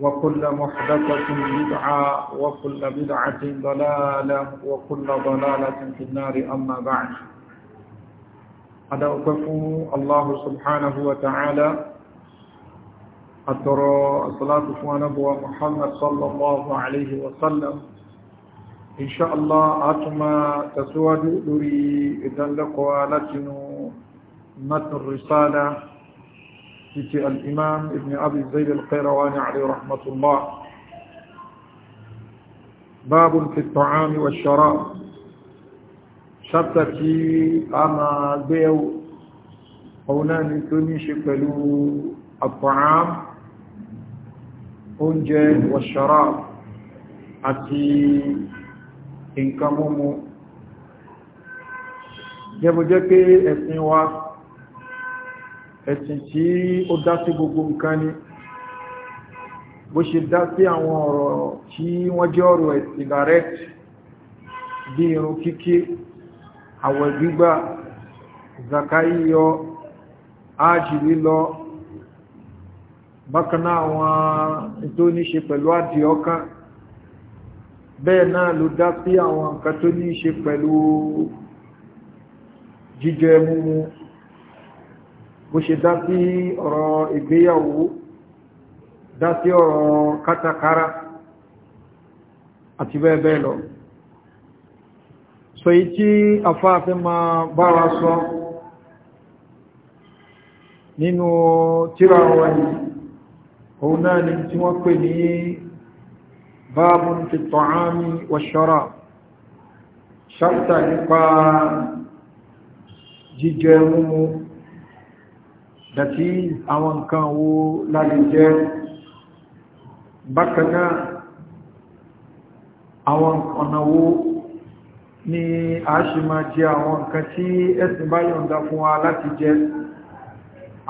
وكل محدثة بدعة وكل بدعة ضلالة وكل ضلالة في النار أما بعد هذا أكفو الله سبحانه وتعالى أترى الصلاة ونبوة محمد صلى الله عليه وسلم إن شاء الله أتما تسود دوري إذن لقوالتنا متن الرسالة تيتي الإمام ابن أبي زيد القيرواني عليه رحمة الله باب في الطعام والشراب شبتكي أما بيو هنا نتوني شكلو الطعام أنجل والشراب أتي إنكمومو جابو جاكي اسمي واس ẹ̀sìn tí ó dá sí gbogbo nǹkan ni bó ṣe dá sí àwọn ọ̀rọ̀ tí wọ́n jẹ́ ọ̀rọ̀ ẹ̀sìn direct bí irun kíkí àwẹ̀ gbígbà zakai yọ áàjì lílọ bákanáà àwọn tó ní ṣe pẹ̀lú àdì ọkàn bẹ́ẹ̀ náà ló dá sí àwọn nǹkan tó ní ṣe pẹ̀lú jíjẹ múmu bó ṣe dá sí ọ̀rọ̀ ìgbéyàwó dá sí ọ̀rọ̀ kátàkárá àti bẹ́ẹ̀ bẹ́ẹ̀ lọ so yí tí afáàfin ma bára sọ nínú tíra wọn òun náà ni tí wọ́n pè ní báàbùn fi tọ̀ámi wa ṣọ́ra ṣáptà nípa jíjẹ múmú dàtí àwọn nǹkan wo láti jẹ́ bákanáà àwọn ọ̀nà wo ni a ṣe ma jẹ àwọn nǹkan tí ẹ̀sìn bá yọ̀nda fún wa láti jẹ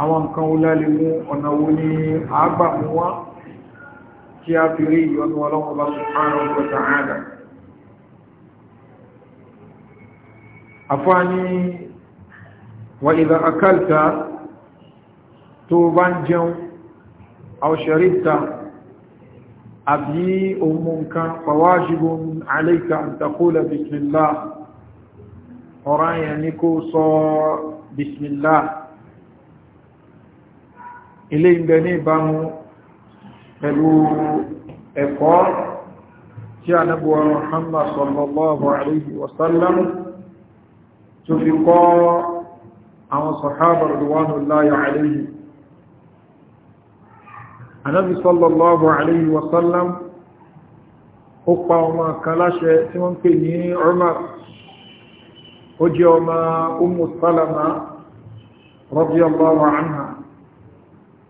àwọn nǹkan wo láti mú ọ̀nà wo ni a gbà mú wá tí a fi rí ìyọnu ọlọ́wọ́ bá subhanahu wa ta'ala afáàní wa idha akalta tó bá ń jẹun àwọ̀ṣẹ̀ríta àbí ohun nǹkan fàwáṣígun alayka an taqula bismillah ọ̀rán yẹn ní kó sọ bismillah ilé ìgbẹ̀ ní ìbámu pẹ̀lú ẹ̀kọ́ tí a nábúwa Muhammad sallallahu alayhi wa sallam tó fi kọ́ àwọn sọ̀hábà rọ̀dùwánù láyé alayhi anábi sallallahu alayhi wa sallam ó pa ọmọ kan láṣẹ tí wọ́n pè ní Umar ó jẹ́ ọmọ Ummu Salama radiyallahu anha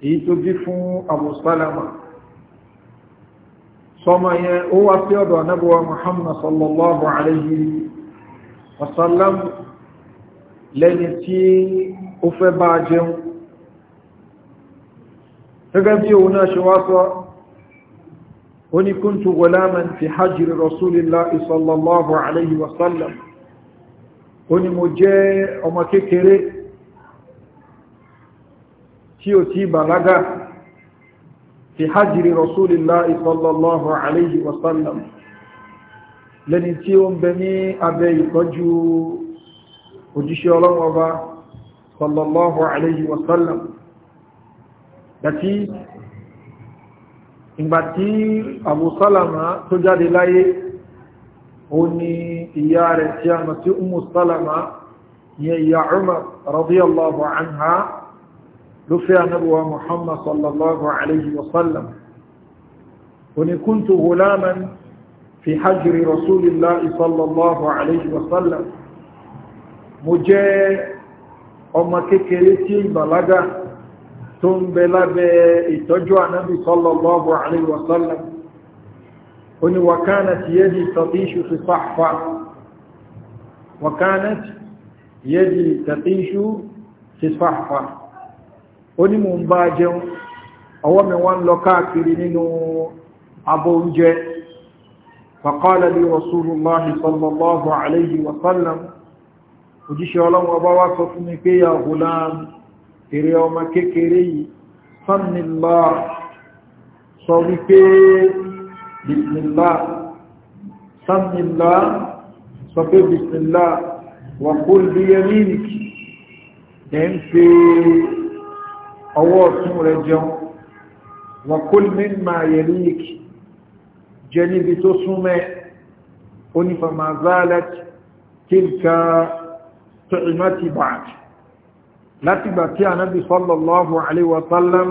èyí tó bí fún Abu Salama sọmọ yẹn ó wá sí ọ̀dọ̀ anábíwa Muhammad sallallahu gẹ́gẹ́ bí òun náà ṣe wá sọ ó ní kúntù gọláman fi hajjiri rasulillahi sallallahu alaihi wasallam ó ní mo jẹ́ ọmọ kékeré tí ó ti bàlágà fi hajjiri rasulillahi sallallahu alaihi wasallam lẹni tí ó ń bẹ ní abẹ ìtọ́jú òjíṣẹ́ ọlọ́wọ́ sallallahu alaihi wasallam dàtí ìgbàtí Abu Salama tó jáde láyé ó ní ìyá rẹ̀ tí a mọ̀ sí Umu Salama yẹ ìyá Umar radiyallahu anha ló fẹ́ anábíwa Muhammad sallallahu alayhi wa sallam ونكنت غلاما في حجر رسول الله صلى الله عليه وسلم مجاء أما كيكريتي بلغة tó ń bẹ lábẹ́ ìtọ́jú ànábì sallallahu alaihi wa sallam ó ní wakanat yadi tatishu fi sahfa wakanat yadi tatishu fi sahfa ó ní mò ń bá jẹun ọwọ́ mi wá ń lọ káàkiri nínú abọ́ oúnjẹ faqala li rasulullahi sallallahu alaihi wa يريوما ككري صن الله صوبي بسم الله صن الله صوبي بسم الله وقل بيمينك ان في سمو مرجو وقل مما يليك جانب تصومي قل فما زالت تلك تعمتي بعد látìgbà tí anábi sallallahu alaihi wa sallam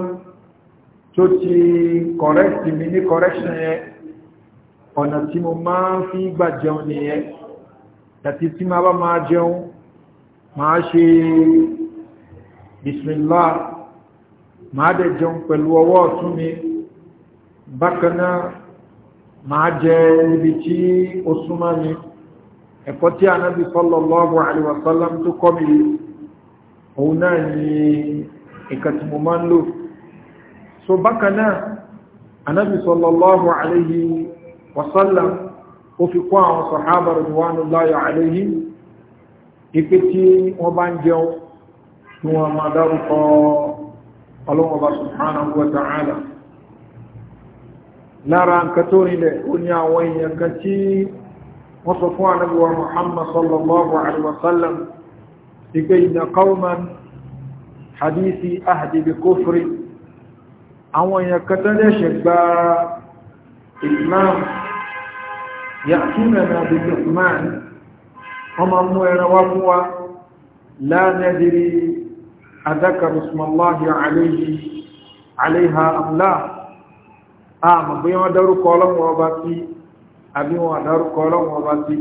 tó ti kọ̀rẹ́kì mi ní kọ̀rẹ́kṣìn yẹn ọ̀nà tí mo máa ń fi gbà jẹun nìyẹn tàbí tí máa bá máa jẹun máa ṣe bismillah máa dẹ̀ jẹun pẹ̀lú ọwọ́ ọ̀tún mi bákan máa jẹ níbi tí ó súnmọ́ mi ẹ̀kọ́ tí anábi sallallahu alaihi wa sallam tó kọ́ mi òun náà ni nǹkan tí mo máa ń lò so bákan náà anábì sallallahu alayhi wa sallam ó fi kọ́ àwọn sàhábà radwanullahi alayhi ipe tí wọ́n bá ń jẹun tí wọ́n máa dárúkọ ọlọ́wọ́ba subhanahu wa ta'ala lára nǹkan tó rinlẹ̀ ó ní àwọn èèyàn kan tí wọ́n sọ fún anábì muhammad sallallahu alayhi wa ìpé ìnà kọ́wọ́n hadithi ahadibi kófúrí àwọn èèyàn kẹtẹ́lẹ̀ ṣe gba islam yàtúnrẹ̀ náà bí lukman wọ́n ma mú ẹran wá fún wa lánàdìrí adákarùsùmọ́láhì àléhà àmlá àmà bí wọ́n dárúkọ ọlọ́wọ́ ọba sí àbí wọ́n dárúkọ ọlọ́wọ́ ọba sí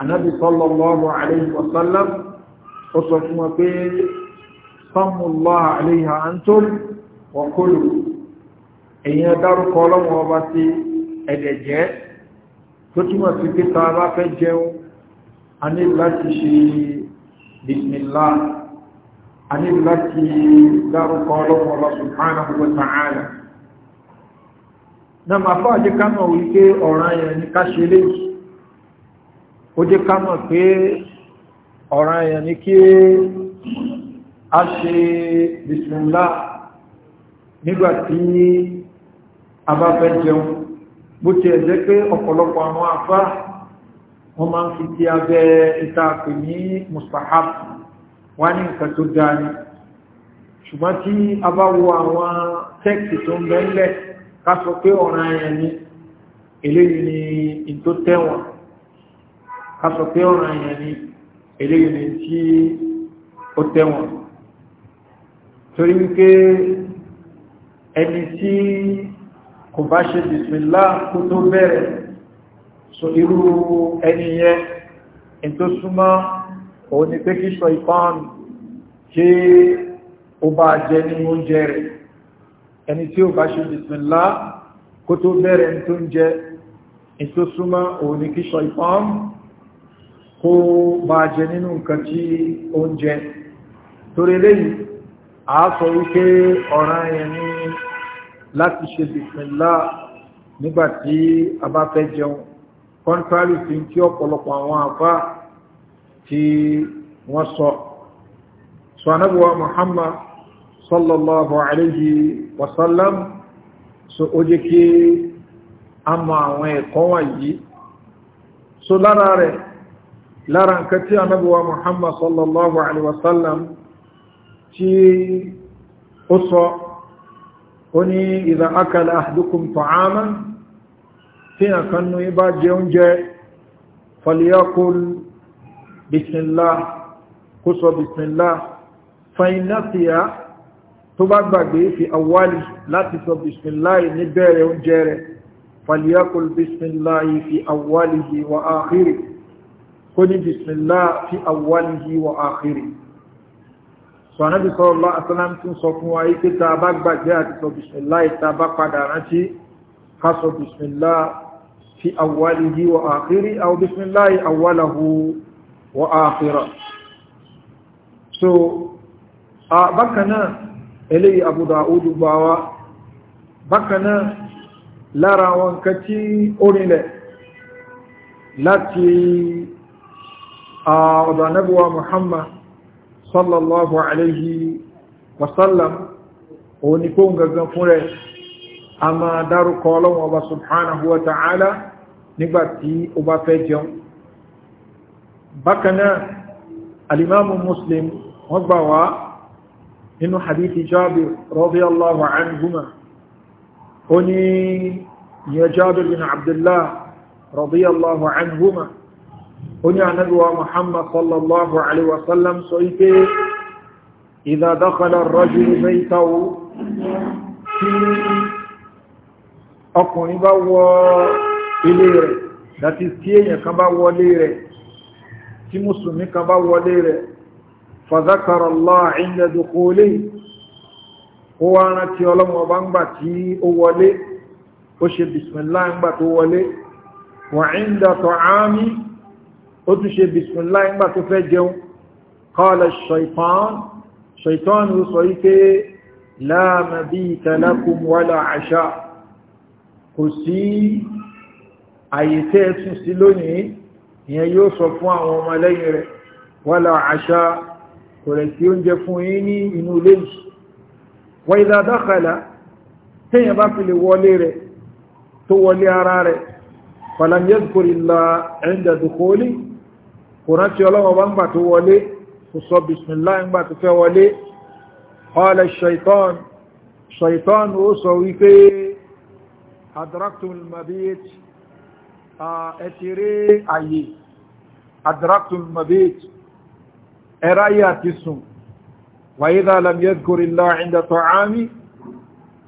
anábi sallallahu alaihi wasallam ó sọ fún wọn pé sọ́mùlá àléhà antum wa kulu èyàn dárúkọ ọlọ́wọ́ ọba sí ẹ̀dẹ̀ jẹ́ tó túnmọ̀ sí pé ta bá fẹ́ jẹun a ní láti ṣe bìsmìlá a ní láti dárúkọ ọlọ́wọ́ ọba subhanahu wa ta'ala na ma fọ́ àjẹ́ ọ̀ràn èèyàn ní kí a ṣe bisimilá nígbàtí a bá fẹ́ jẹun bó ti ẹ̀jẹ́ pé ọ̀pọ̀lọpọ̀ àwọn afá wọ́n máa ń fi tí abẹ́ ìtaàpì ní mustahab wá ní nǹkan tó dáa ni ṣùgbọ́n tí a bá wo àwọn tẹ́kì tó ń eléyìí ni tí ó tẹ́wọ̀n torí wípé ẹni tí kò bá ṣe bìsmìlá kó tó bẹ̀rẹ̀ so irú ẹni yẹ in tó súnmọ́ òun ni pé kí sọ ìpán kí ó bá jẹ ní oúnjẹ rẹ̀ ẹni tí ó bá ṣe bìsmìlá kó tó bẹ̀rẹ̀ tó ń jẹ in tó súnmọ́ òun ni kí sọ ìpán kó bá je nínú nǹkan tí ó ń a sọ wípé ọ̀ràn yẹn ní láti ṣe bìsìnlá nígbàtí a bá fẹ́ jẹun contrary sí tí ọ̀pọ̀lọpọ̀ àwọn àfá Muhammad sallallahu Alaihi wasallam so ó so lára nǹkan tí anábíwa muhammad sallallahu alaihi wasallam tí ó sọ ó ní ìdá akala ahdukum ta'ama tí a kanú ibá jẹ oúnjẹ falyakul bismillah kó sọ bismillah fainasiya tó bá gbàgbé fi awali láti sọ bismillahi ní bẹ̀rẹ̀ oúnjẹ rẹ̀ falyakul bismillahi fi awali wa akhiri kó ní bismillah fi awwalihi wa akhirihi sọ anábì sallallahu alaihi wasallam tún sọ fún wa ike tá a bá gbàgbé àti sọ bismillah tá a bá padà rántí ká sọ bismillah fi awwalihi wa akhirihi aw bismillah awwalahu wa akhirihi so a bákanáà eléyìí Abu Dawud gbà wá bákanáà lára wọn kàtí orílẹ̀ láti ọ̀dọ̀ anábíwa muhammad sallallahu alayhi wasallam òun ni kó ń gangan fún rẹ̀ a máa dárúkọ ọlọ́wọ́ ọba subhanahu wa ta'ala nígbàtí ó bá fẹ́ jẹun bákanáà alimamu muslim wọ́n gbà wá nínú hadithi jabir radiyallahu anhuma ó ní ìyẹn jabir bin abdullah radiyallahu anhuma oní anábíwa muhammad sallallahu alaihi wasallam sọ ike ìdádọ́kọ̀lọ̀ rọ́jú ilé ìtawó tí ọkùnrin bá wọ ilé rẹ̀ dàti tí èyàn kan bá wọlé rẹ̀ tí musulmi kan bá wọlé rẹ̀ fàzákàrọ̀lọ́ ìndẹ̀dùkúlé ó wá rántí ọlọ́mọ bá ń gbà tí ó wọlé ó ṣe bismillah ń gbà tó wọlé wà ìndẹ̀tọ̀ ámì ó tún ṣe bisimilá nígbà tó fẹ́ jẹun kọ́ọ̀lẹ̀ ṣọ̀ìtàn ṣọ̀ìtàn ló sọ wípé láàmà bí ìtàlákùn wàlá àṣà kò sí àyè tẹ́ ẹ̀sùn sí lónìí ìyẹn yóò sọ fún àwọn ọmọlẹ́yìn rẹ̀ wàlá àṣà kò rẹ̀ sí oúnjẹ fún yín ní inú ilé yìí kò rántí ọlọ́wọ́ bá ń gbà tó wọlé kò sọ bismillah ń gbà tó fẹ́ wọlé ọlẹ̀ ṣaitan ṣaitan ó sọ wípé adraktul mabit ẹ̀tìrí ayé adraktul mabit ẹ̀ráyé àti sùn wàyí dáalam yẹ́ kòrìlá ìdàtọ̀ àmì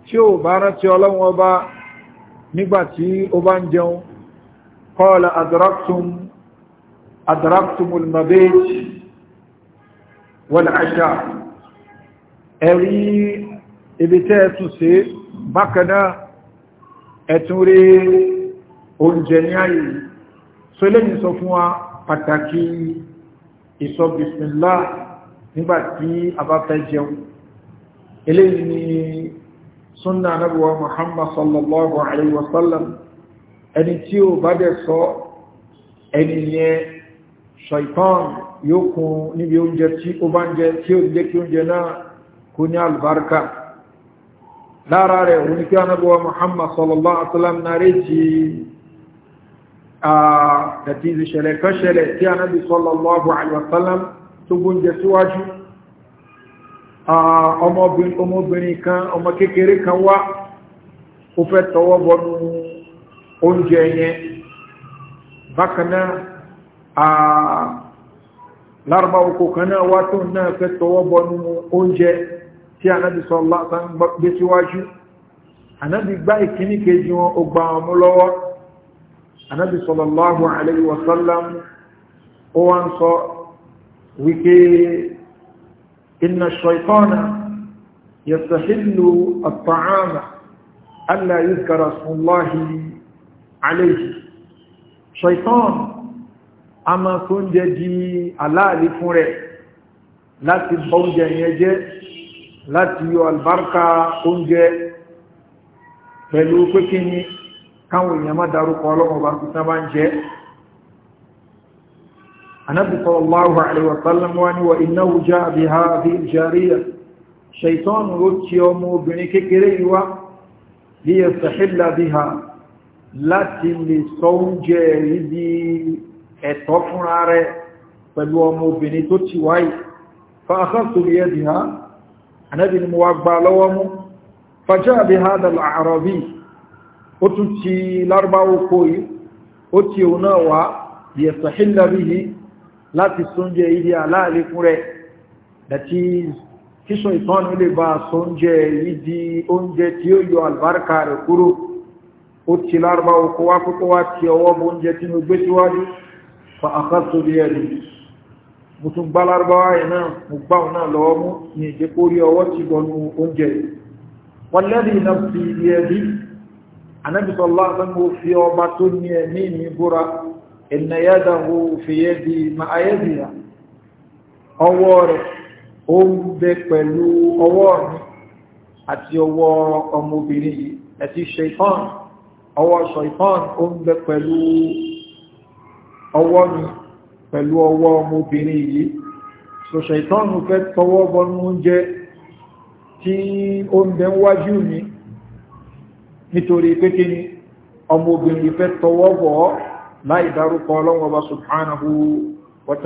tí ó bá rántí ọlọ́wọ́ bá nígbàtí ó bá ń jẹun kọ́ọ̀lẹ̀ adraktul mabit adraktum al-mabit wal-asha ẹ̀rí ibi tẹ́ ẹ̀tún sí bákanáà ẹ̀tún rí oúnjẹ ní ayé so lẹ́yìn sọ fún wa pàtàkì ìsọ bisimilá nígbàtí a bá fẹ́ jẹun eléyìí ni súnnà anábíwá muhammad sallallahu alaihi wasallam ẹni tí ó bá dẹ̀ sọ ẹni yẹn ṣaitan yóò kún níbi oúnjẹ tí ó bá ń jẹ tí ó jẹ́ kí oúnjẹ náà kú ní albarka lára rẹ̀ òun anábọ̀wà muhammad sallallahu alaihi wasallam na rẹ̀ ti àti ìṣẹ̀lẹ̀ kan ṣẹlẹ̀ tí anábi sallallahu alaihi wasallam tó gbóúnjẹ síwájú ah, ọmọbìnrin kan ọmọ kékeré kan wá ó fẹ́ tọwọ́ bọnú oúnjẹ yẹn bákanáà lárúbá oko kan náà wá tó náà fẹ́ tọwọ́ bọnú oúnjẹ tí anábì sọ látà ń gbé síwájú anábì gbá ìkíní kejì wọn ó gba ọmọ lọ́wọ́ anábì sọlọ́láhùn àlẹ́yìn wasallam ó wá ń sọ wípé iná ṣọ̀ìtọ́nà a máa tó ń jẹ di aláàlì fún rẹ̀ láti bọ́ oúnjẹ yẹn jẹ́ láti yọ àlùbáríkà oúnjẹ pẹ̀lú pékè ní káwọn èèyàn má darúkọ ọlọ́mọba tó sábà ń jẹ́ anábì sallallahu alaihi wa sallam láti lè sọ oúnjẹ rí ẹ̀tọ́ fúnra rẹ̀ pẹ̀lú ọmọ obìnrin tó ti wáyé fa'akọ́tù rí ẹ̀dì ha anábi ni mo wá gba lọ́wọ́ mú fàjá àbí ha dàlà àrọ̀bí ó tún ti lárúbáwó kó yìí ó ti òun náà wá yẹ̀sọ̀ hìlàbí yìí láti sóúnjẹ ìdí aláàlékún rẹ̀ dàtí kíṣọ̀ ìtọ́nù lè bá sóúnjẹ ìdí oúnjẹ tí ó yọ àlbárkà rẹ̀ kúrò ó ti lárúbáwó kó wá kókó wá ti ọwọ́ bóúnjẹ tí mo gbé síwájú فأخذت بيدي mutum gbálárúbáwá iná mugbá náà lọ́wọ́ mú ní ìjẹ́kó rí ọwọ́ ti gbọnú oúnjẹ wọ́n lẹ́rìí iná fi ilé ẹbí anábìsọ́lá sánmò fi ọba tó ní ẹ̀mí ní búra ẹ̀nà yádàwó fi yẹ́dì ma ayébìyà ọwọ́ rẹ̀ ó ń bẹ pẹ̀lú ọwọ́ mi àti ọwọ́ ọmọbìnrin yìí ẹ̀tí ṣẹ̀fọ́n ọwọ́ ṣẹ̀fọ́n ó ń bẹ pẹ̀lú ọwọ́ mi pẹ̀lú ọwọ́ ọmọbìnrin yìí so ṣẹ̀tọ́nù fẹ́ tọwọ́ bọnú oúnjẹ tí ó ń bẹ wájú mi nítorí pé kí ni ọmọbìnrin fẹ́ tọwọ́ bọ̀ láì dárúkọ ọlọ́wọ́ bá subhanahu wa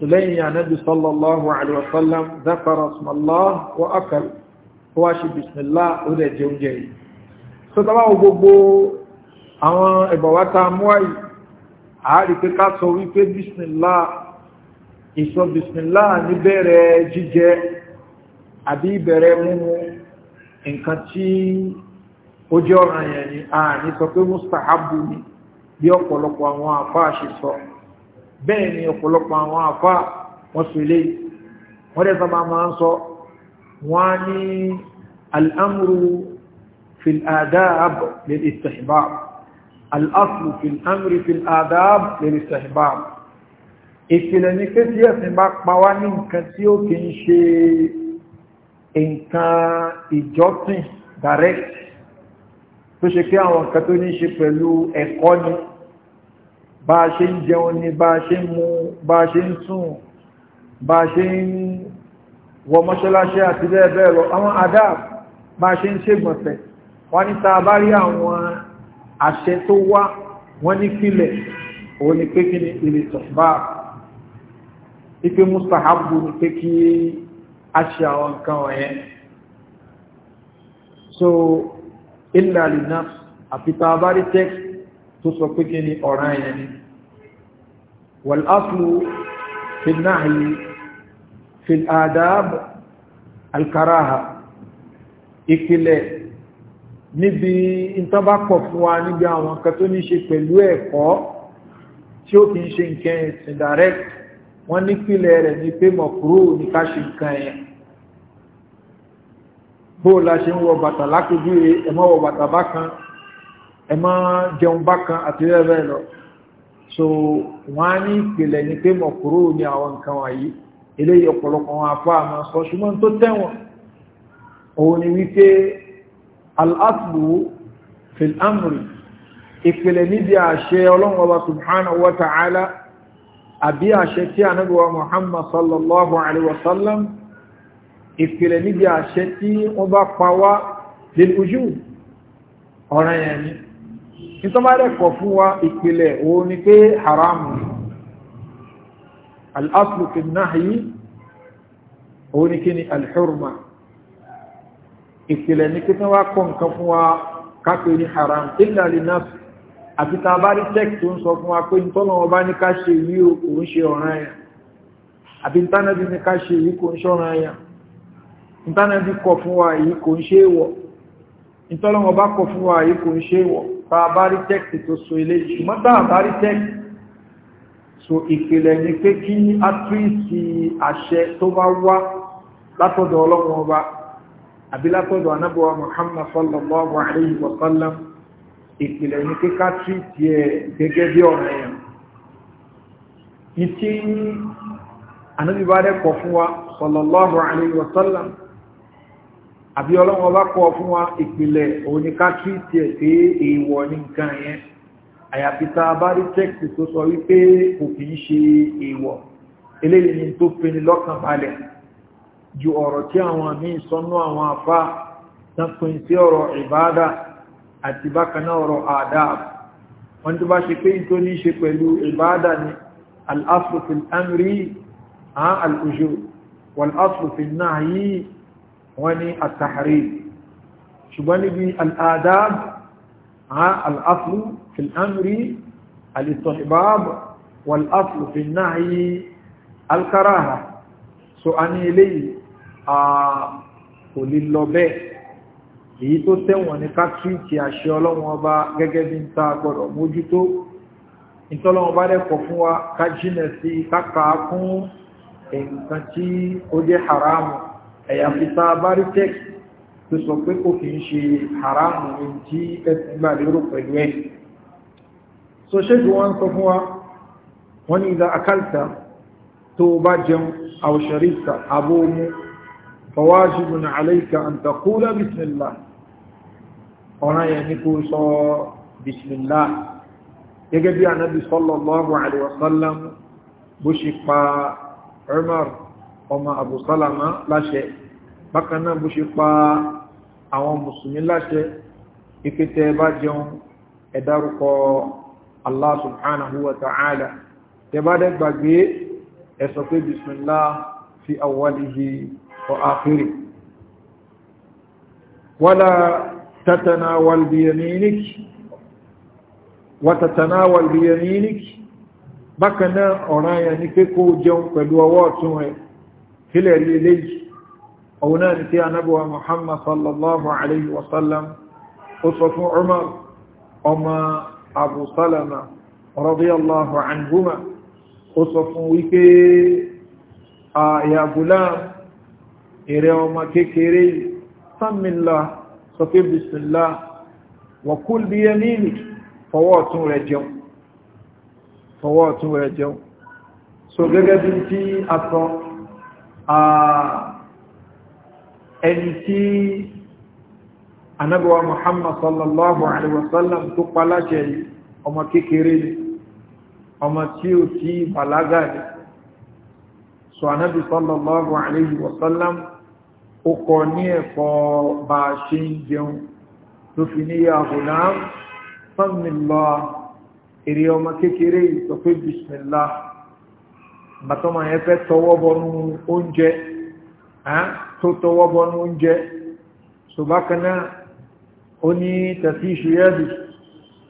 سليم يا نبي صلى الله عليه وسلم ذكر اسم الله وأكل واشي بسم الله أولى جوجي ببو أما موي àárí pé ká sọ wípé bísmìlá ìsọ bísmìlá níbẹ̀rẹ̀ jíjẹ àbí ìbẹ̀rẹ̀ múmu nǹkan tí ó jẹ́ ọ̀ràn yẹn ni a ní sọ pé mustahabu ni bí ọ̀pọ̀lọpọ̀ àwọn àfá ṣe sọ bẹ́ẹ̀ ni ọ̀pọ̀lọpọ̀ àwọn àfá wọ́n sọ ilé wọ́n dẹ̀ sábà máa ń sọ wọ́n á ní al'amuru fil adab lil istihbab al في fil في fil adab lil istihbab ìpìlẹ̀ ní pé tí ẹ̀sìn bá pa wá ní nǹkan tí ó kì ń ṣe nǹkan ìjọsìn direct tó ṣe pé àwọn nǹkan tó ní ṣe pẹ̀lú ẹ̀kọ́ ni bá a ṣe ń jẹun ni bá a ṣe ń mu bá a ṣe ń sùn bá a ṣe ń wọ mọ́ṣáláṣí àti bẹ́ẹ̀ bẹ́ẹ̀ adab bá a ṣe ń ṣègbọ̀nsẹ̀ wọ́n ní ta bá rí àwọn àṣẹ tó wá wọ́n ní fílẹ̀ òun ni pé kí ni ilẹ̀ tọ̀bá ipe mustahabu ni pé kí a ṣe àwọn nǹkan wọ̀nyẹn so illa li nafs abárí text tó sọ pé kí ni ọ̀ràn yẹn ni wal aslu fi nahyi fi adab ìpìlẹ̀ níbi ìtọ́bápọ̀ fún wa níbi àwọn kan tó ní ṣe pẹ̀lú ẹ̀kọ́ tí ó kì ń ṣe nǹkan ẹ̀sìn direct wọ́n nípìnlẹ̀ rẹ̀ ní pé mọ̀kúrò ní ká ṣe nǹkan ẹ̀ bó la ṣe ń wọ bàtà lákòójú ẹ̀mọ́ wọ bàtà bákan ẹ̀mọ́ jẹun bákan àti rẹ́rẹ́ lọ so wọ́n á ní ìpìlẹ̀ ní pé mọ̀kúrò ní àwọn nǹkan wọ̀nyí eléyìí ọ̀pọ̀lọpọ̀ wọn àfọ́ àmọ́ sọ ṣùgbọ́n tó tẹ̀wọ̀n òun ni wípé al'aslu fil amri ìpìlẹ̀ níbi àṣẹ ọlọ́run ọba subhanahu wa ta'ala àbí àṣẹ tí anábíwa muhammad sallallahu alaihi wasallam ìpìlẹ̀ níbi àṣẹ tí wọ́n bá pàwá lèlújú ọ̀rọ̀ yẹn ni ìtọ́bárẹ̀ kọ̀ fún wa ìpìlẹ̀ o ní pé haramu al'aslu fi náà yìí o ní kí ni alhurma ìpìlẹ̀ ní pé tí wọ́n kọ́ nǹkan fún wa kápẹ́ ní haram àti a bá rí tó ń sọ fún wa pé nítorí wọn bá ní ká o kò ń ṣe ọ̀ràn àti ìtànàbí ní ká ṣe yí kò ń ṣe ọ̀ràn yẹn ìtànàbí fún wa yìí kò ń ṣe é wọ̀ fún wa yìí kò ń ṣe bá rí tó ṣùgbọ́n bá rí so ìpìlẹ̀ ni pé kí àbílátọ́dọ̀ anábọ̀wà Muhammad sallallahu alayhi wa sallam ìpìlẹ̀ ní kíká tí tí ẹ gẹ́gẹ́ bí ọ̀rọ̀ ẹ̀yàn ní tí anábíbá rẹ̀ kọ̀ fún wa sallallahu alayhi wa sallam àbí ọlọ́wọ́ bá kọ̀ fún wa ìpìlẹ̀ òníká tí tí ẹ pé èèwọ̀ ní nǹkan yẹn àyàfi bá rí tẹ́kì tó sọ wípé kò kìí ṣe èèwọ̀ eléyìí ni tó pinni lọ́kàn balẹ̀ ju ọ̀rọ̀ tí àwọn míì sọ́nú àwọn afá tán pín sí ọ̀rọ̀ ìbáadà àti bákanáà ọ̀rọ̀ àdáà wọ́n tó bá ṣe pé tó ní ṣe pẹ̀lú ìbáadà ni al'afrufin amri a náà yí wọ́n ni àtàrí ṣùgbọ́n a al'afrufin amri al'istọ̀ṣibáàbù والأصل في النهي الكراهة سؤالي لي a kò lè lọ bẹ́ẹ̀ èyí tó tẹ̀wọ̀n ní ká tíìtì àṣẹ ọlọ́run ọba gẹ́gẹ́ bí ń ta gbọ́dọ̀ mójútó ìtọ́lọ́run bá dẹ̀kọ̀ fún wa ká jìnà sí káka fún nǹkan tí ó jẹ́ haramu ẹ̀yà fita bari tex tó sọ pé kò kìí ṣe haramu ní tí ẹ̀sìn gbà lérò pẹ̀lú ẹ̀ so ṣéjú wọn sọ fún wa wọ́n ní ìdá akálta tó bá jẹun àwòṣẹ̀ríta abóomu فواجب عليك أن تقول بسم الله هنا يعني صو بسم الله يجب عن النبي صلى الله عليه وسلم بشقى عمر وما أبو سلمة لا شيء بقنا بشقى أو مسلمين لا شيء إكتاباتهم إدارك الله سبحانه وتعالى تبارك بقي بسم الله في أوله وآخره ولا تتناول بيمينك وتتناول بيمينك بكنا أرايا نكيكو جون فدوواتهم هلال إليه أو نانتي نبوة محمد صلى الله عليه وسلم أصف عمر أما أبو سلمة رضي الله عنهما أصف ويكي آه يا غلام èrè ọmọ kékeré sánmìlá sọ pé bisimilá wọ̀kúl bí yẹn nílì fọwọ́ ọ̀tún rẹ̀ jẹun fọwọ́ ọ̀tún rẹ̀ jẹun so gẹ́gẹ́ bí tí a sọ ẹni tí anábíwa muhammad sallallahu alaihi wasallam tó paláṣẹ ọmọ kékeré ọmọ tí ó tí balaga ni so anábí sallallahu alaihi wasallam ó kọ ní ẹ̀kọ́ bá ṣe ń jẹun ló fi ní àbùnà sọ́mìlá èrè ọmọ kékeré sọ pé bismillah bàtọ́mà yẹn fẹ́ tọwọ́ bọnú oúnjẹ tó tọwọ́ bọnú oúnjẹ ṣùgbákaná ó ní tàbí ìṣúyẹ́dì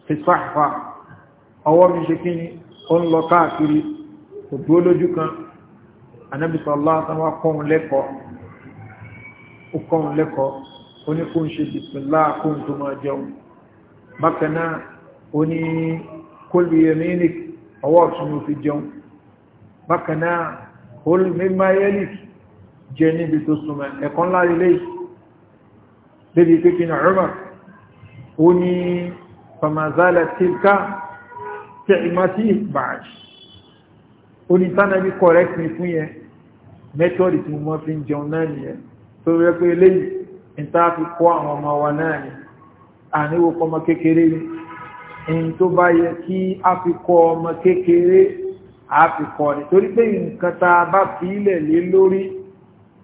fìfàfà ọwọ́ mi ṣe kíni ó ń lọ káàkiri òdúó lójú kan anábìsọ̀lá ó kọ́ ń lẹ́kọ̀ọ́ ó ní kó ń ṣe bismillah kó ń tó máa jẹun bákan náà ó ní kul bi yaminik ọwọ́ ọ̀tún ló fi jẹun bákan náà kul mimma yalik jẹ níbi tó súnmọ́ ẹ̀kọ́ ńlá ilé débi pé kí ni Umar famazala tilka tẹ̀ìmọ́tí ìbàájì onítánàbí correct me fún yẹn mẹ́tọ́dì tí mo mọ́ fi ń jẹun náà nìyẹn tó rẹ pé eléyìí níta fi kọ́ àwọn ọmọ wa náà ni àníwò kọ́mọ kékeré ni ẹni tó bá yẹ kí a fi kọ́ ọmọ kékeré a fi kọ́ ni torí pé nǹkan tá bá fi lé lórí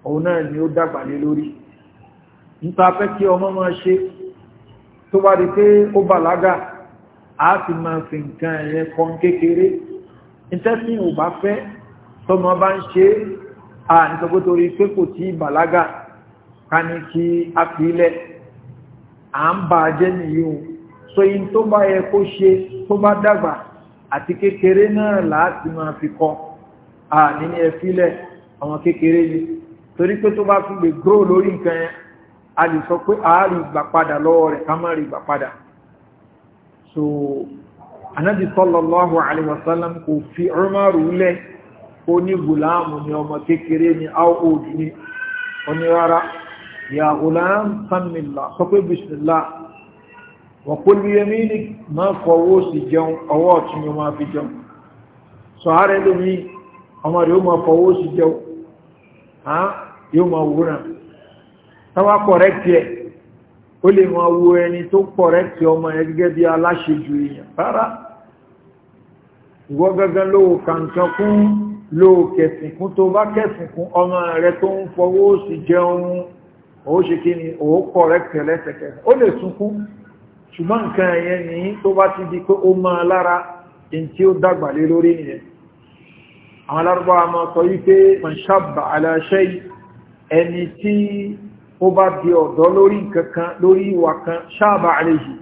òun náà ni ó dàgbà lé lórí níta fẹ́ kí ọmọ máa ṣe tó bá di pé ó bàlágà a ti máa fi nǹkan ẹ̀yẹ kan kékeré ìtẹ́sìn ò bá fẹ́ tọmọ bá ń ṣe à nítorí torí pé kò tí bàlágà ká ní kí a fi ilẹ̀ à ń bá jẹ́ nìyí o so yìí tó bá yẹ kó ṣe tó bá dàgbà àti kékeré náà láti máa fi kọ́ a nínú ẹ fílẹ̀ àwọn kékeré yìí torí pé tó bá fi lè grow lórí nǹkan yẹn a lè sọ pé a rí ìgbà padà lọ́wọ́ rẹ̀ ká má rí ìgbà padà so anábì sallallahu alaihi wasallam kò fi ọmọrù lẹ̀ ó ní gùlámù ni ọmọ kékeré ni áwòdì ni ó ní rárá ya gulam sanmila sọ pé bisimilá wọ́n kó lu yẹmí ni máa fọwọ́ sí jẹun ọwọ́ ọ̀tún yóò máa fi jẹun sọ ara ẹni mi ọmọ rẹ̀ yóò máa fọwọ́ sí jẹun yóò máa wúra táwa kọ̀rẹ́kì ẹ̀ ó lè máa wo ẹni tó kọ̀rẹ́kì ọmọ ẹ gẹ́gẹ́ bí aláṣejù èèyàn rárá ìwọ gangan ló kàǹkan kún ló kẹsìnkún tó bá kẹsìnkún ọmọ rẹ tó ń fọwọ́ sí jẹun ó ṣe kí ni ó kọ̀ rẹ̀ tẹ̀lẹ́tẹ̀kẹ́ ó lè sunkún ṣùgbọ́n nǹkan ẹ̀yẹn ní tó bá ti di pé ó máa lára in tí ó dàgbà lé lórí nìyẹn àwọn alárúbá máa sọ wípé man shabba ala shay ẹni tí ó bá di ọ̀dọ́ lórí nǹkan kan lórí ìwà kan shabba alayhi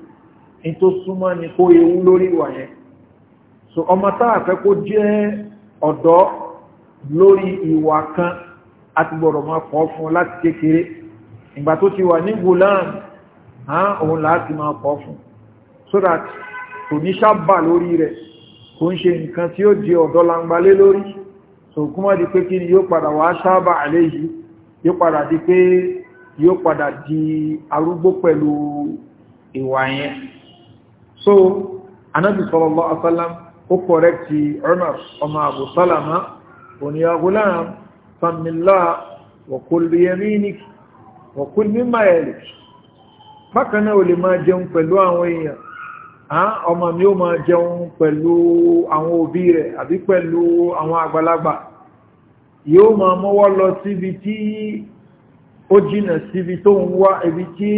in tó súnmọ́ ni kó ewu lórí ìwà yẹn so ọmọ táà fẹ́ kó jẹ́ ọ̀dọ́ lórí ìwà kan àti gbọ́dọ̀ máa kọ́ fún láti kékeré ìgbà tó ti wà ní gulam òun láti máa kọ́ fún so that kò ní ṣábà lórí rẹ̀ kò ń ṣe nǹkan tí ó di ọ̀dọ́ langbalé lórí so kúmọ́ di pé kí ni yóò padà wá ṣábà àlé yìí yóò padà di pé yóò padà di arúgbó pẹ̀lú ìwà yẹn so anábì sallallahu alaihi wasallam ó kọ̀rẹ́kì Umar ọmọ Abu Salama òníyàgúlá sàmìlá wa wọ̀kún ní máyẹ̀lì bákan náà o lè máa jẹun pẹ̀lú àwọn èèyàn ọmọ mi ó máa jẹun pẹ̀lú àwọn òbí rẹ̀ àbí pẹ̀lú àwọn àgbàlagbà yóò máa mọ́wọ́ lọ síbi tí ó jìnà síbi tó ń wá ibi tí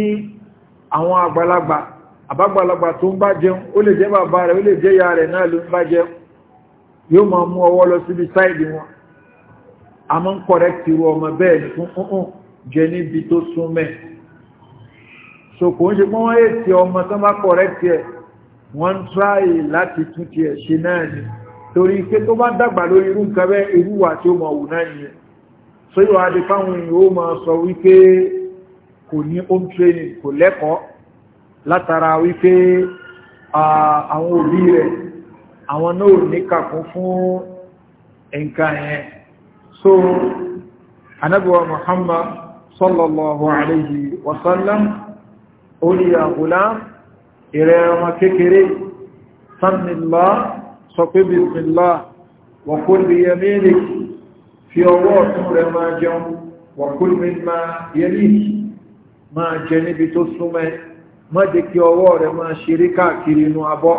àwọn àgbàlagbà àbágbàlagbà tó ń bá jẹun ó lè jẹ́ bàbá rẹ̀ ó lè jẹ́ ìyá rẹ̀ náà ló ń bá jẹun yóò máa mú ọwọ́ lọ síbi sáìdì wọn a máa ń kọ̀rẹ́kì irú ọmọ bẹ́ẹ̀ ní fún fún fún jẹ níbi tó súnmẹ́ ṣòkò ń ṣe mọ́ wọ́n èsì ọmọ tán bá kọ̀rẹ́kì ẹ̀ wọ́n ń tráyì láti tún ti ẹ̀ ṣe náà ni torí pé tó bá dàgbà lórí irú nǹkan bẹ́ irú wà tí ó mọ̀ wù náà nìyẹn so yóò adé fáwọn èèyàn ó máa sọ wípé kò ní home training kò lẹ́kọ̀ọ́ látara wípé àwọn òbí rẹ̀ àwọn náà ní kàkún fún nǹkan yẹn so anábíwá muhammad sallallahu alayhi wa sallam oríyà gulam ìrẹ̀ ọmọ kékeré sannilá sọ pé bismillah wa kul bi yaminik fi ọwọ́ ọ̀tún rẹ̀ máa jẹun wa kul mimma yaminik máa jẹ níbi tó súnmẹ́ má jẹ́ kí ọwọ́ rẹ̀ máa ṣeré káàkiri inú abọ́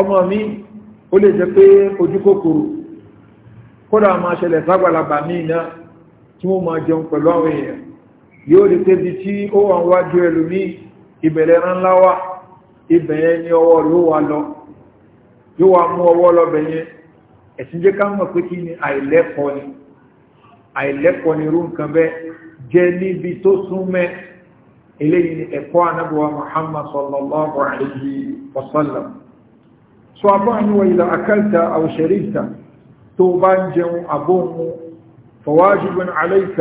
ọmọ mi ó lè jẹ́ pé ojú kòkòrò kódà máa ṣẹlẹ̀ ságbàlagbà míì náà tí wọ́n máa jẹun pẹ̀lú àwọn èèyàn yóò rí tẹ́bi tí ó wà wájú ẹlòmí ìbẹ̀rẹ̀ ránláwà ìbẹ̀yẹn ní ọwọ́ ló wà lọ yóò wá mú ọwọ́ lọ́bẹ̀ ẹ̀sìn jẹ́ ká mọ̀ ni àìlẹ́kọ̀ọ́ ni nǹkan bẹ́ẹ̀ jẹ́ níbi tó súnmẹ́ eléyìí ẹ̀kọ́ anábọ̀wá muhammad wa sọ فواجب عليك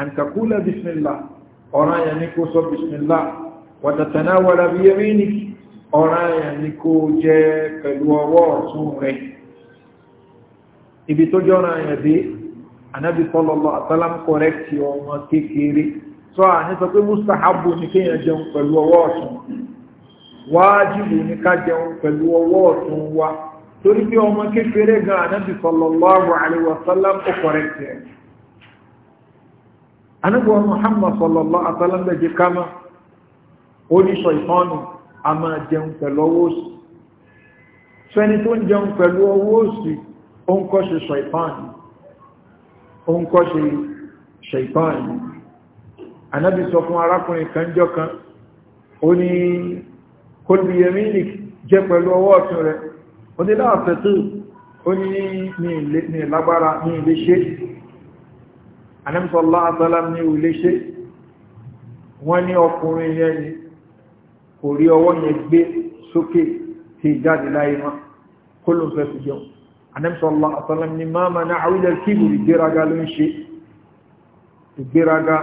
أن تقول بسم الله أرايا نكو بسم الله وتتناول بيمينك أرايا نكو جاك الووار سوره ibi tó jọ́ra yẹn dé anábì sallallahu alaihi wasallam kọ̀rẹ́kì ọmọ kékeré sọ àní sọ pé mustahabu ní kéèyàn jẹun pẹ̀lú ọwọ́ ọ̀tún wájìbù ní ká jẹun pẹ̀lú ọwọ́ ọ̀tún wa torí pé ọmọ kékeré gan anábì sallallahu alaihi wasallam ó kọ̀rẹ́tì ẹ̀ anábì Muhammad sallallahu alaihi wasallam bẹ̀jẹ̀ kámá ó ní sọ ìtọ́nù a máa jẹun pẹ̀lú ọwọ́ òsì sẹ́ni tó ń jẹun pẹ̀lú ọwọ́ òsì ó ń sọ ìtọ́nù anábì sọ fún arákùnrin kan jọ kan ó ní kó lè pẹ̀lú ọwọ́ ọ̀tún rẹ̀ ó ní láàfẹ́ tó ó ní ní lágbára ní ilé ṣe anẹ́mùsọ̀lá àtọ́lám ní ilé ṣe wọ́n ní ọkùnrin yẹn ni kò rí ọwọ́ yẹn gbé sókè tí jáde láyé wọn kó ló ń fẹ́ fi jẹun anẹ́mùsọ̀lá àtọ́lám ní máa ma náà àwílẹ̀ kíbù ìgbéraga ló ń ṣe ìgbéraga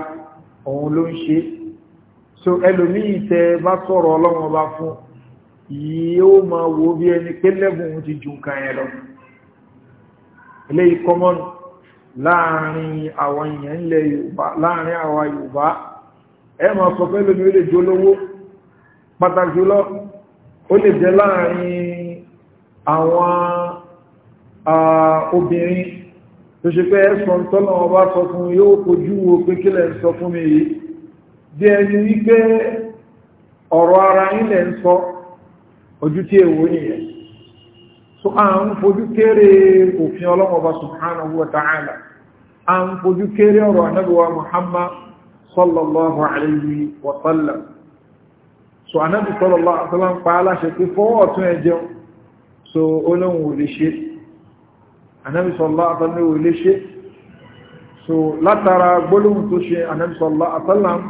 òun ló ń ṣe so ẹlòmíì tẹ bá sọ̀rọ̀ ọlọ́run ọba fún yóò ma wo bí ẹni pé lẹ́bùn ti ju nǹkan yẹn lọ eléyìí kọ́mọ́nù láàrin àwọn èèyàn ilẹ̀ yorùbá láàrin àwọn yorùbá ẹ máa sọ pé lómi ó lè jó lówó pàtàkì jùlọ ó lè jẹ́ láàrin àwọn obìnrin tó ṣe pé ẹ̀sùn tọ́lọ̀ ọba sọ fún yóò kojú wo kílẹ̀ sọ fún mi yìí bí ẹni wípé ọ̀rọ̀ ara ilẹ̀ ń sọ ojú tí èwo nìyẹn so a ń fojú kéré òfin ọlọ́mọba subhanahu wa ta'ala a ń fojú kéré ọ̀rọ̀ anábíwa muhammad sallallahu alayhi wa sallam so anábí sallallahu alayhi wa sallam pa aláṣẹ pé fọwọ́ ọ̀tún ẹ jẹun so olóhun ò lè ṣe anábí sallallahu alayhi wa sallam ò lè ṣe so látara gbólóhùn tó ṣe anábí sallallahu alayhi wa sallam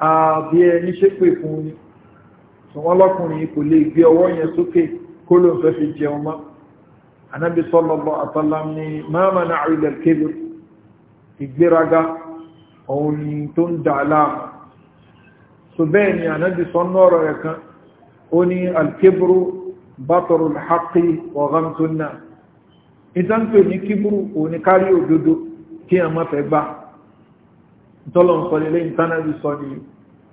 àbí ẹni ṣépè fún ni ṣùgbọ́n lọ́kùnrin kò lè gbé ọwọ́ yẹn sókè kó ló ń fẹ́ fi jẹun mọ́ anábì sọ́lọ́lọ́ àtàlám ni máàmà náà rí lẹ́kẹ́lẹ́ ìgbéraga òun ni tó ń dà láàmú so bẹ́ẹ̀ ni anábì sọ́nà ọ̀rọ̀ rẹ̀ kan ó ní alkebru bátọrù lẹ́hàkì ọ̀gán tó náà ìtànkè ní kíburu òun ni kárí òdodo kí a má fẹ́ gbà tọ́lọ̀ ń sọ nílé ìtànàbì sọ nìyí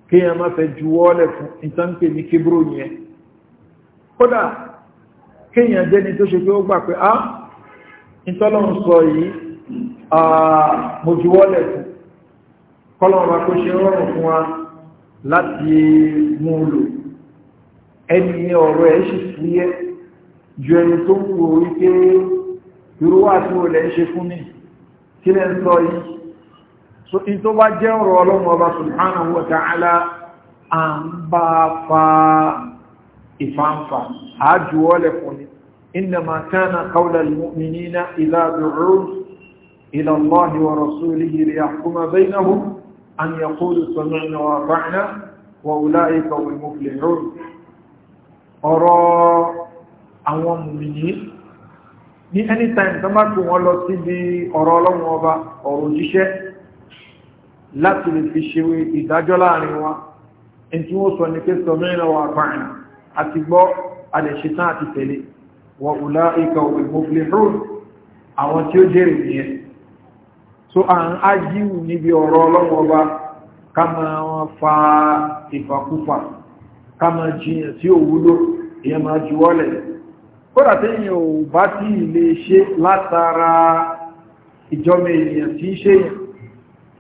kéèyàn má fẹ́ juwọ́lẹ̀ fún ìtànkè ní kíbrò yẹn kódà kéèyàn jẹ́ni tó ṣe pé ó gbà pé á ah, ìtọ́lọ́run sọ yìí mo juwọ́lẹ̀ fún kọ́lọ́run bá kó ṣe rọrùn fún wa láti mú un lò ẹni ọ̀rọ̀ ẹ̀ sì fúyẹ́ ju ẹni tó ń wo wípé irú wà tí ó lẹ́ ṣe fún mi kí lẹ́ ń sọ yìí so in tó bá jẹ́ ọ̀rọ̀ ọlọ́run ọba subhanahu wa ta'ala a ń bá fa ìfàǹfà àájúwọ́lẹ̀ fún ni innama kana qawla al-mu'minina idha du'u ila Allahi wa rasulihi liyahkuma baynahum anytime tó bá tún wọ́n lọ síbi ọ̀rọ̀ ọlọ́run ọba ọ̀rọ̀ òjíṣẹ́ láti lè fi ṣe ìdájọ́ láàrin wa in tí wọ́n sọ ní pé sọ mẹ́rin wa àpáàrin àti gbọ́ adẹ̀ṣetán àti tẹ̀lé wa ùlá ikọ̀ al-muflihun àwọn tí ó jẹ́rì nìyẹn so à ń ájíwù níbi ọ̀rọ̀ ọlọ́run ọba ká máa wọn fa ìfàkúfà ká máa jiyàn tí ò wúlò èèyàn máa juwọ́lẹ̀ kódà téèyàn ò bá tí ì ṣe látara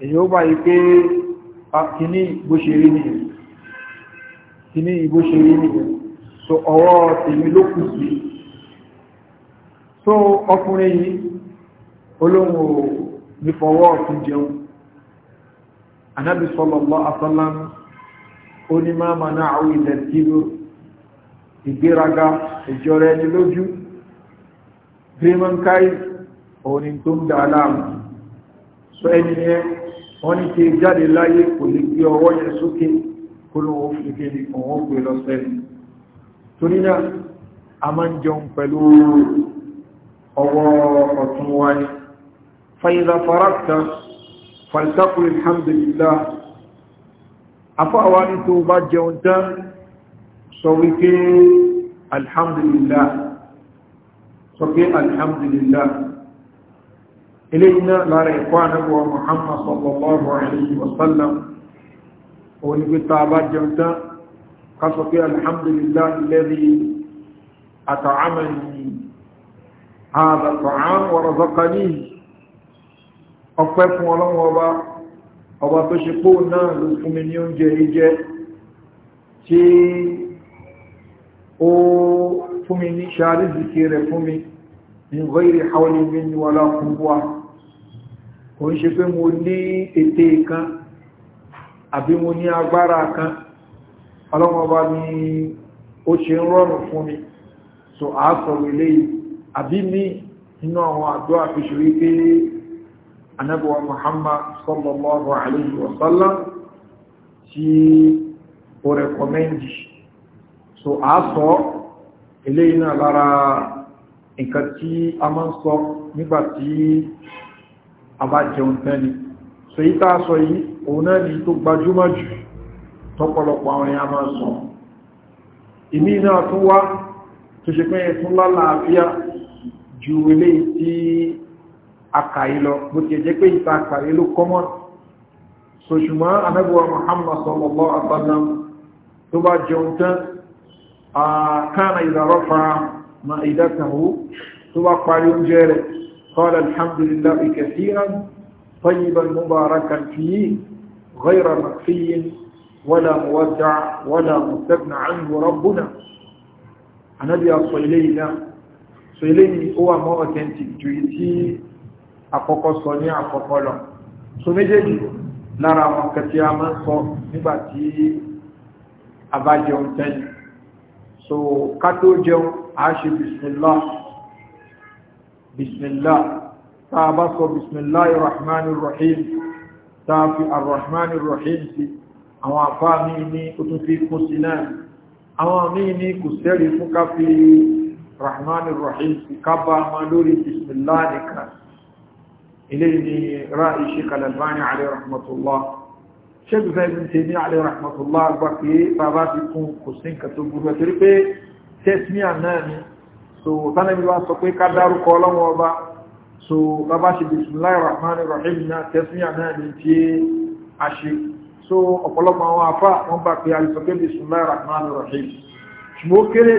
èyí ó bá yí pé kìíní ìbò ṣe ní kìíní ìbò ṣe rí ní so ọwọ́ tèmi ló kù sí so ọkùnrin yìí olóhùn ní fọwọ́ ọ̀tún jẹun anábi sọlọ̀lọ́ asọ́lám ó ní máa ma náà àwọn ilẹ̀ tí ìgbéraga ìjọra ẹni lójú grimman kai òní tó ń dà láàmù so ẹni yẹn wọ́n ní kí jáde láyé kò lè gbé ọwọ́ yẹn sókè kó lówó fi kéde ọ̀wọ́n gbé lọ sẹ́yìn torí náà a máa ń jẹun pẹ̀lú ọwọ́ ọ̀tún wa fàyíza farakta falsakul alhamdulillah afáwa ní tó bá jẹun tán sọ wípé alhamdulillah eléyìí lára ẹ̀kọ́ ànábọ̀ Muhammad sallallahu alayhi wa sallam òní pé ta bá jẹun tán ká sọ pé alhamdulillahi alladhi at'amani hadha at-ta'am wa razaqani ọpẹ́ fún ọlọ́wọ́ ọba ọba tó ṣe pó náà ló fún mi ní oúnjẹ ìjẹ tí ó fún mi ní ṣàrídìkì rẹ̀ fún mi min ghayri hawlin minni wala quwwah kò ń ṣe pé mo ní ète kan àbí mo ní agbára kan ọlọ́mọba ni ó ṣe ń rọrùn fún mi so àásọ̀rọ̀ eléyìí àbí mi nínú àwọn àdó àfiṣù wípé anábọ̀wà muhammad sallallahu alayhi wa sallam tí ó rẹ̀kọ́mẹ́ndì so àásọ̀ eléyìí náà lára nǹkan tí a máa ń sọ nígbàtí àbá jẹun tẹ́ni so yí tàà sọ yí òun náà ni tó gbajúmọ̀ jù tọ́pọ̀lọpọ̀ àwọn èèyàn máa sọ ìmí náà tún wá tó ṣe pẹ́ tún lálàáfíà ju ilé tí àkàyí lọ bó ti jẹ́ pé ìta àkàyí ló kọ́mọ̀ so ṣùgbọ́n anábíwa muhammad sallallahu alaihi قال الحمد لله كثيرا طيبا مباركا فيه غير مخفي ولا مودع ولا مستغنى عنه ربنا النبي صلى الله عليه هو more authentic ju ti àkọ́kọ́ sọ ní àkọ́kọ́ lọ so méjèèjì lára àwọn kẹtì a máa ń sọ nígbà tí a bá jẹun tẹ́yìn so ká tó jẹun a ṣe bismillah bisimilá tá a bá sọ bisimilá irahman irahim tá a fi arahman irahim sí àwọn àfá mi ní ó tún fi kún sí náà àwọn mi ní kò sẹ́rí fún ká fi rahman irahim sí ká bá a máa lórí bisimilá nìkan ilé ni ráì ṣe kalalbani alayhi rahmatullah ṣẹ́gbẹ̀ fẹ́bí tẹ ní àlẹ́ rahmatullah gbá pé bàbá ti kún kò sí nǹkan tó burú ẹ̀tẹ́rí pé tẹ́síà náà ni so tánàbí wá sọ pé ká dárúkọ ọlọ́wọ́ ọba so bàbá ṣe bismillahir rahmanir rahim náà tẹ́síyà náà ní tí so ọ̀pọ̀lọpọ̀ àwọn afá wọ́n bá pé alìsọ rahim ṣùgbọ́n ó kéré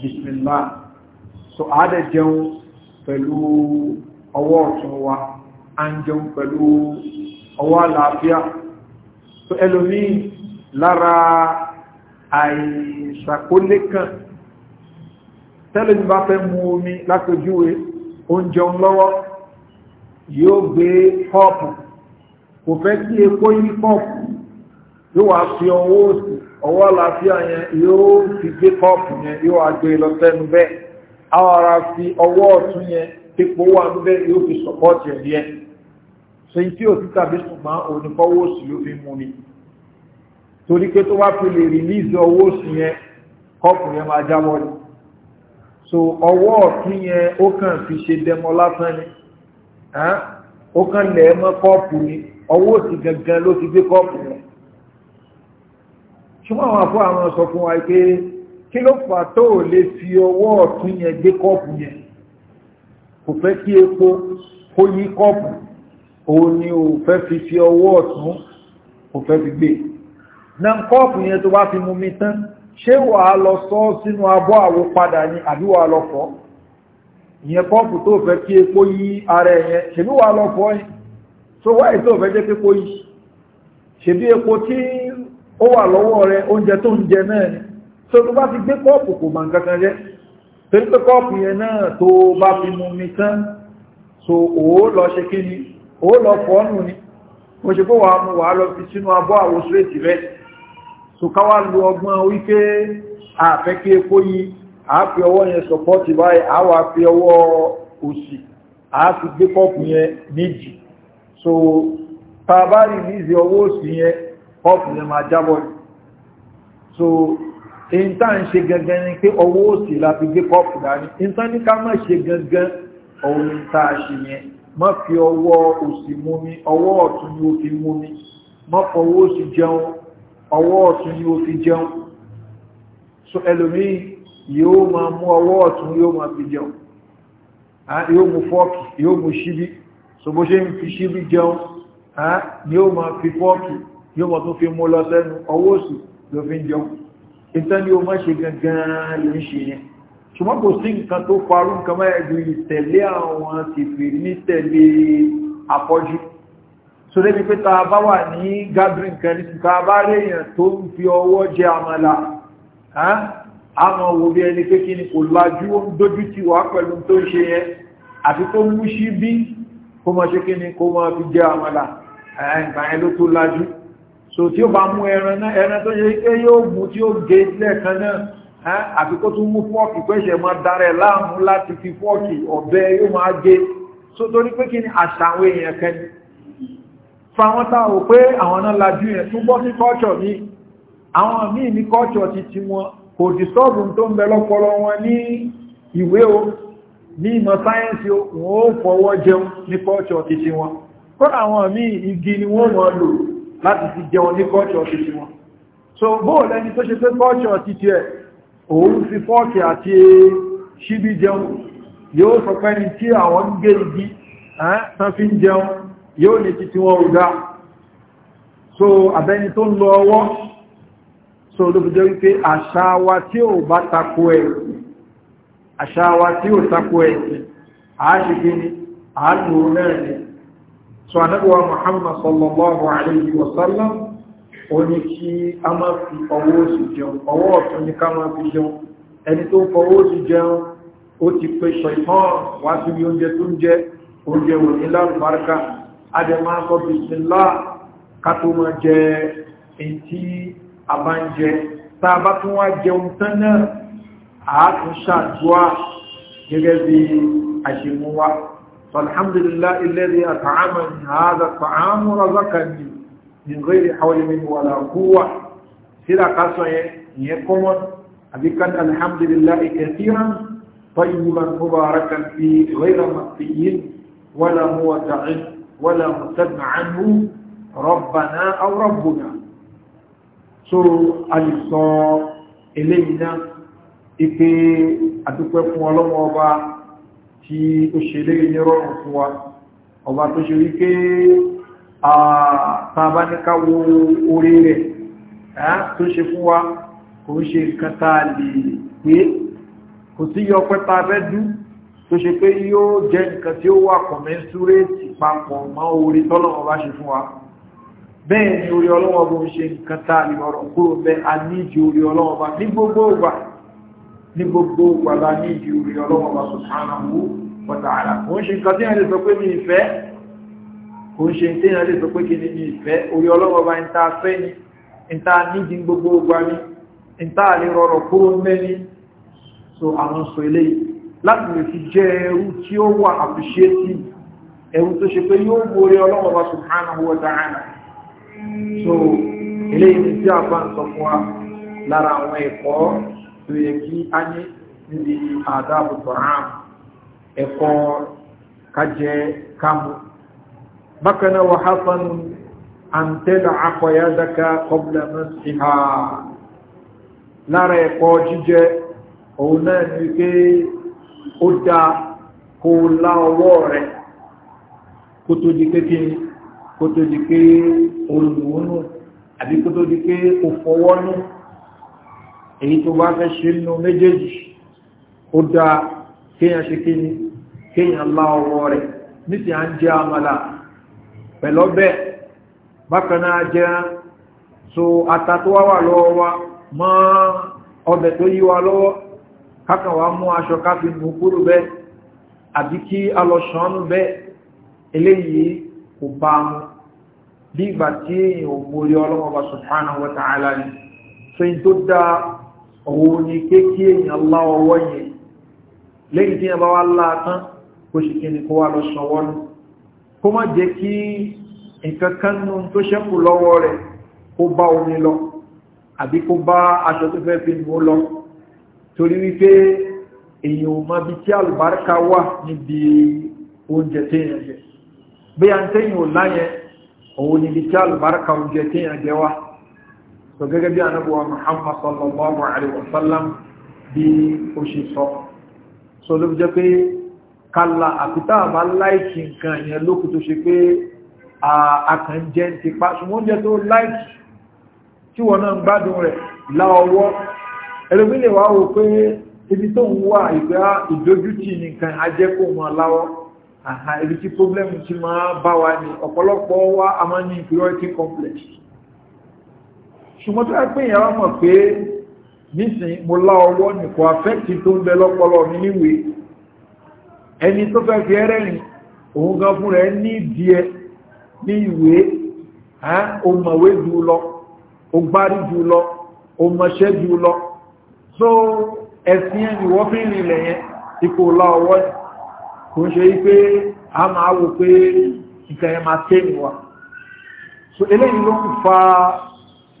bismillah so a dẹ̀ jẹun pẹ̀lú ọwọ́ ọ̀tún wa a ń so ẹlòmíì lára àìṣàkólé kan tẹ́lẹ̀ ní bá fẹ́ mú omi lápẹjúwe oúnjẹ lọ́wọ́ yóò gbé kọ́ọ̀pù kò fẹ́ kí epo yí kọ́ọ̀pù yóò wá fi ọwọ́ òsì ọwọ́ àlàáfíà yẹn yóò fi gbé kọ́ọ̀pù yẹn yóò wá gbé lọ sẹ́nu bẹ́ẹ̀ àwọn ará fi ọwọ́ ọ̀tún yẹn epo wà ń yóò fi sọ̀pọ̀tì ẹ̀ yẹn ṣe tí ò tàbí ṣùgbọ́n onífọwọ́ òsì ló fi mú mi torí pé tó wá fi lè rìlíìsì ọwọ́ òsì yẹn kọ́ọ̀pù yẹn máa jábọ́ ni so ọwọ́ ọ̀tún yẹn ó kàn fi ṣe dẹmọ lásán ni ó kàn lẹ̀ ẹ́ mọ́ kọ́ọ̀pù ni ọwọ́ òsì gangan ló ti gbé kọ́ọ̀pù yẹn ṣùgbọ́n àwọn afọ àwọn sọ fún wa pé kí ló fà tó ò lè fi ọwọ́ ọ̀tún yẹn gbé kọ́ọ̀pù yẹn kò fẹ́ kí epo kó yí kọ́ọ̀pù òun ni ò fẹ́ fi fi ọwọ́ ọ̀tún kò fẹ́ fi gbé náà kọ́ọ̀pù yẹn tó bá fi mú mi tán ṣé wà á lọ sọ́ sínú abọ́ àwọ padà ní àbíwà lọ́fọ́ ìyẹn pọ́pù tó fẹ́ kí epo yí ara ẹ̀yẹn ṣèbí wà lọ́fọ́ yìí tó wáyé tó fẹ́ jẹ́ pípo yìí ṣèbí epo tí ó wà lọ́wọ́ rẹ oúnjẹ tó ń jẹ náà ni tó tó bá ti gbé pọ́pù kò mà nǹkan jẹ́ torí pé pọ́pù yẹn náà tó bá fi mu mi tán so òó lọ ṣe kí ni òó lọ fọ́ nù ni mo ṣe pé wàá mu wàá lọ fi sínú abọ́ àwọ̀ sírètì bẹ́ẹ̀ so káwà lo ọgbọ́n wípé àfẹ́kẹ́ epo yìí àáfi ọwọ́ yẹn sọpọ́tì báyìí àwà fi ọwọ́ òsì àáfi gbé kọ́pù yẹn méjì so tàbárì nízi ọwọ́ òsì yẹn kọ́pù yẹn máa jábọ̀ so ìntà ń ṣe gangan ni pé ọwọ́ òsì la fi gbé kọ́pù dání ìntà ní ká má ṣe gangan ọ̀hún ìntà ṣe yẹn má fi ọwọ́ òsì mú mi ọwọ́ ọ̀tún ni ó fi mú mi má fọwọ́ òsì jẹun ọwọ́ ọ̀tún yóò fi jẹun so ẹlòmí yóò máa mú ọwọ́ ọ̀tún yóò máa fi jẹun yóò mú fọ́ọ̀kì yóò mú ṣíbí so bó ṣe ń fi ṣíbí jẹun yóò máa fi fọ́ọ̀kì yóò máa tún fi mú lọ sẹ́nu ọwọ́ òsì ló fi ń jẹun ìtàn ni ó máa ṣe gangan ló ń ṣe so débi pé ta bá wà ní gathering kan ní ta bá léèyàn tó ń fi ọwọ́ jẹ àmàlà àmà wo bí ẹni pé kí ni kò lájú ó ń dójú ti wà pẹ̀lú tó ń ṣe yẹn àti tó mú sí bí kó mọ̀ ṣe kí ni kó mọ̀ fi jẹ àmàlà ẹ̀ǹkà yẹn ló tó lájú so tí ó bá mú ẹran náà ẹran tó ṣe pé yóò mú tí ó gé lẹ́ẹ̀kan náà àti kó tún mú fọ́ọ̀kì pé ṣẹ̀ máa darẹ̀ láàmú láti ni àṣà àwọn fa wọn tá ò pé àwọn náà lajú yẹn tún bọ́ sí culture mi àwọn míì ní culture ti ti wọn kò dìstọ́bù tó ń bẹ lọ́pọlọ wọn ní ìwé o ní ìmọ̀ sáyẹ́nsì o ó fọwọ́ jẹun ní culture ti ti wọn kọ́ ni wọ́n mọ̀ lò láti ti jẹun so bóò lẹni tó ṣe pé culture ti ti ẹ̀ òun fi fọ́ọ̀kì àti ṣíbí jẹun yóò sọ pẹ́ni yóò ní títí wọn ò dá so àbẹ́ni tó ń lọ ọwọ́ so ló fi jẹ́ wípé àṣàwà tí ò bá takò ẹ̀ àṣàwà tí ò takò ẹ̀ àáṣìkí ni àánú náà so anábíwá muhammad sallallahu alayhi wa sallam ó ní kí a máa fi ọwọ́ òsì jẹun ọwọ́ ọ̀tún ní ká máa fi jẹun ẹni tó ń fọwọ́ òsì jẹun ó ti pẹ́ ṣọ̀ìtàn wá sí oúnjẹ tó ń jẹ oúnjẹ wò ní lárùbárká àdẹ̀má sọ bìsìnlá kàtó ma jẹ èyí tí a bá ń jẹ tàà bá tún wá jẹun tán náà àátún ṣàdúwà gẹ́gẹ́ bí àṣemúwá alhamdulillah alladhi at'ama min hadha at'am razaqani min ghairi hawli min wala quwwa sira kaso ye ye komon abikan alhamdulillah kathiran tayyiban mubarakan fi ghayri maqtiyin wala muwadda'in wọ́lá mọ̀tẹ́nà ánú rọ́bàná ọ̀rọ̀bùnà tó alìsọ eléyìnà ipé àdúpẹ́ fún ọlọ́wọ́ ọba tí ó ṣe léyìn ní rọrùn fún wa ọba tó ṣe wípé àtàbáníkáwò orí rẹ̀ tó ṣe fún wa kò ń ṣe nǹkan ta lè pé kò sí yọ pẹ́ta abẹ́dú tó ṣe pé yóò jẹ́ nǹkan tí ó wà kọ̀mẹ́súrétì papọ̀ mọ́ orí tọ́lọ́wọ́ bá ṣe fún wa bẹ́ẹ̀ ni orí ọlọ́wọ́ bó ń ṣe nǹkan tá ní kúrò bẹ́ a níjì orí ọlọ́wọ́ bá ní gbogbo ìgbà ní gbogbo ìgbà bá níjì orí ọlọ́wọ́ bá subhanahu wa ta'ala kò ń ṣe nǹkan ni mi ìfẹ́ orí ni ń ta níjì gbogbo ìgbà ni ń ta lè rọrọ̀ so àwọn sọ eléyìí láti lè fi jẹ́ ẹrú tí ó wà appreciative ẹ̀rù tó ṣe pé yóò borí ọlọ́wọ́ bá subhanahu wa ta'ala so eléyìí tí a bá ń sọ fún wa lára àwọn ẹ̀kọ́ tó yẹ kí a ní níbi àdáàbò tọ̀hán ẹ̀kọ́ kájẹ kámú bákan náà wà hasan àǹtẹ́lẹ̀ akọ̀yádaka qabla masiha lára ẹ̀kọ́ jíjẹ òun náà ní pé ó dá kó lá ọwọ́ kótó di pé kótó di pé olùwónú àbí kótó di pé òfọwọ́nú èyí tó bá fẹ́ ṣe nínú méjèèjì ó dá kéèyàn ṣe kí kéèyàn lá ọwọ́ rẹ̀ nísìnyí à ń jẹ́ àmàlà so ata tó wá wà wa mọ́ ọbẹ̀ tó yí wa lọ́wọ́ kákan mú aṣọ nù kúrò bẹ́ẹ̀ àbí a ṣàánú bẹ́ẹ̀ eléyìí kò bá mú bí ìgbà tí èèyàn borí ọlọ́mọba subhanahu wa ta'ala ni so in tó dá òun ni pé kí èèyàn lá ọwọ́ yẹn lẹ́yìn tí yẹn bá wá lá tán kó sì kí ni kó wá lọ sọ̀wọ́ nù kó má jẹ́ kí nǹkan tó ṣẹ́kù lọ́wọ́ rẹ̀ kó bá omi lọ àbí kó bá aṣọ tó fẹ́ fi nù lọ torí wípé èèyàn ò mọ bí tí àlùbáríkà wà níbi oúnjẹ téèyàn jẹ bí a ń tẹ́yìn ò láyẹ òun ni bí kíá alùbárakà ń jẹ kéèyàn jẹ wá so gẹ́gẹ́ bí anábùwà muhammad sallallahu alaihi wa sallam bí ó ṣe sọ so ló jẹ́ pé kala àkútà bá láìkì nǹkan yẹn lókù tó ṣe pé àkànjẹ ti pa ṣùgbọ́n oúnjẹ tó láìkì tí wọ́n náà ń gbádùn rẹ̀ láọwọ́ ẹlòmí wá wò pé ibi tó ń wà ìgbà ìdójútì nìkan ajẹ́kò mọ́ láwọ́ àhá ibi tí problem ti máa bá wa ní ọ̀pọ̀lọpọ̀ wa a máa ní inferiority complex ṣùgbọ́n tó yẹ pé ìyàwó mọ̀ pé nísìn mo lá ọwọ́ nìkan affecti tó ń bẹ lọ́pọlọ mi níwèé ẹni tó fẹ́ fi ẹrẹ́rìn òun gan fún rẹ̀ ní ìdíẹ ní ìwé o mọ̀wé jù lọ o gbárí jù lọ o mọ̀ṣẹ́ jù lọ so ẹ̀sìn ẹni wọ́n fi rìnlẹ̀ yẹn ipò lá ọwọ́ yìí kò ń ṣe yí pé a máa wò pé nǹkan ẹ̀ máa tẹ́ni wa so eléyìí ló ń fa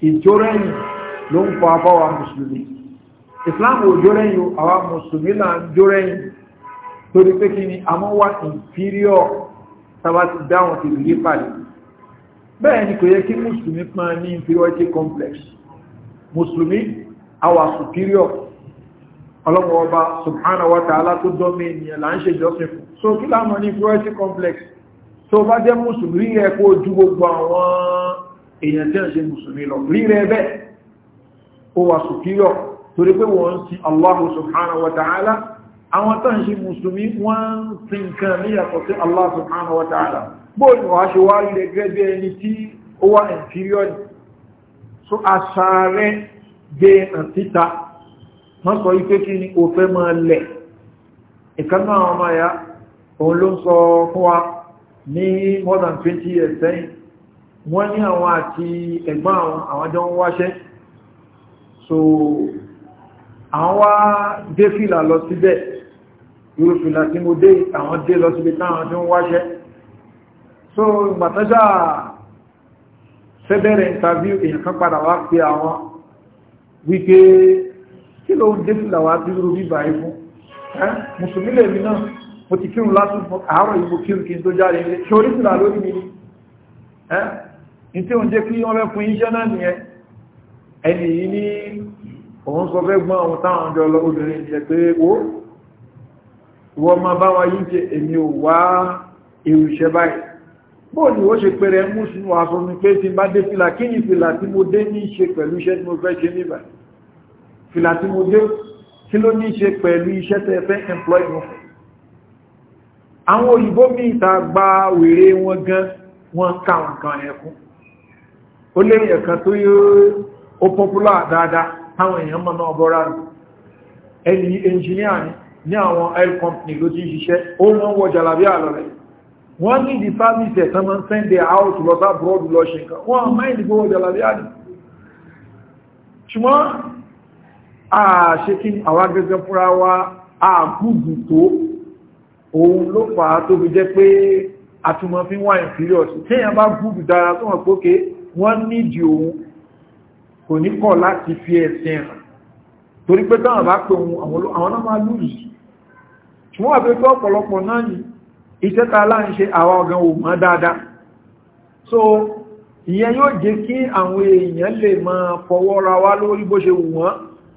ìjórẹ́yìn ló ń fa afọ́wà mùsùlùmí islam ò jórẹ́yìn àwa mùsùlùmí là ń jórẹ́yìn torí pé kí ni àmọ́ wá inferior tàbá ti dáhùn ti rí pàdé bẹ́ẹ̀ ni kò yẹ kí mùsùlùmí pán ní inferiority complex mùsùlùmí àwa superior ọlọ́wọ́ ọba subhanahu wa ta'ala tó dọ́mí ènìyàn là ń ṣe fún so kí lámọ̀ ní inferiority complex tó bá jẹ́ mùsùlùmí rẹ̀ kó ju gbogbo àwọn èèyàn tí ń ṣe mùsùlùmí lọ rí rẹ̀ bẹ́ẹ̀ ó wà superior torí pé wọ́n ti Allah subhanahu wa ta'ala àwọn tó ń ṣe mùsùlùmí wọ́n ti nǹkan ní yàtọ̀ sí Allah subhanahu wa ta'ala bóòlù wá ṣe wá rí rẹ̀ gẹ́gẹ́ bí ẹni tí ó wà inferior so àṣà rẹ̀ gbé àtìta wọ́n sọ ipé kí ni òfẹ́ máa lẹ̀ ìkanáà ọmọ ya òun ló sọ fún wa ní more than twenty years sẹ́yìn wọ́n ní àwọn àti ẹ̀gbọ́n àwọn àwọn jọ ń wáṣẹ́ so àwọn wá dé fìlà lọ síbẹ̀ irú fìlà tí mo dé àwọn dé lọ síbi táwọn jọ ń wáṣẹ́ so ìgbàtọ́jà fẹ́bẹ̀rẹ̀ interview èyàn kan padà wá pé àwọn wípé kí ló ń dé fìlà wá bí irú bíbà ẹ̀ fún mùsùlùmí lèmi náà mo ti kírun lásùn fún àárọ̀ ìbò kírun kí n tó jáde ilé ṣe orísìlá lórí mi ni ní tí ó ń jẹ́ kí wọ́n fẹ́ fún iṣẹ́ náà nìyẹn ẹni yìí ní òun sọ fẹ́ gbọ́n ohun táwọn ọjọ́ obìnrin jẹ pé ó wọ́n máa bá wa yìí jẹ èmi ò wá èrò iṣẹ́ báyìí bó ni ó ṣe pẹ̀rẹ̀ mú sínú aṣọ mi pé tí bá dé fìlà kí ni fìlà tí mo dé ní ṣe pẹ̀lú iṣẹ́ tí mo fẹ́ ṣe níbà fìlà tí mo dé kí ló ní ṣe pẹ̀lú iṣẹ́ tẹ́ fẹ́ employ mo fún àwọn òyìnbó mi ìta gba wèrè wọn gan wọn káwọn kan ẹkún ó lé ẹ̀kan tó yóò ó pọ́pùlà dáadáa táwọn èèyàn mọ́ náà bọ́ra rù ẹni ẹnjìníà ni ní àwọn oil company ló ti ṣiṣẹ́ ó wọ́n wọ jàlàbí àlọ́ rẹ̀ wọ́n ní ìdí sáàmìsì ẹ̀sán máa sẹ́ndẹ̀ out lọ sá búrọ́dù lọ ṣe nǹkan wọ́n máa ń dìbò wọ jàlàbí àlọ́ ṣùgbọ́n àṣekí àwọn òun ló fà á tó fi jẹ́ pé àtúmọ̀ fi wà inferior tí èyàn bá gúrù dára tó wọ́n pókè wọ́n nídìí òun kò ní kọ̀ láti fi ẹ̀sìn ẹ̀rọ torí pé táwọn bá pè òun àwọn náà máa lùzù ṣùgbọ́n àbẹ́ ọ̀pọ̀lọpọ̀ náà ni iṣẹ́ ta láń ṣe àwa ò mọ́ dáadáa so ìyẹn yóò jẹ́ kí àwọn èèyàn lè máa fọwọ́ ra wá lórí bó ṣe wù wọ́n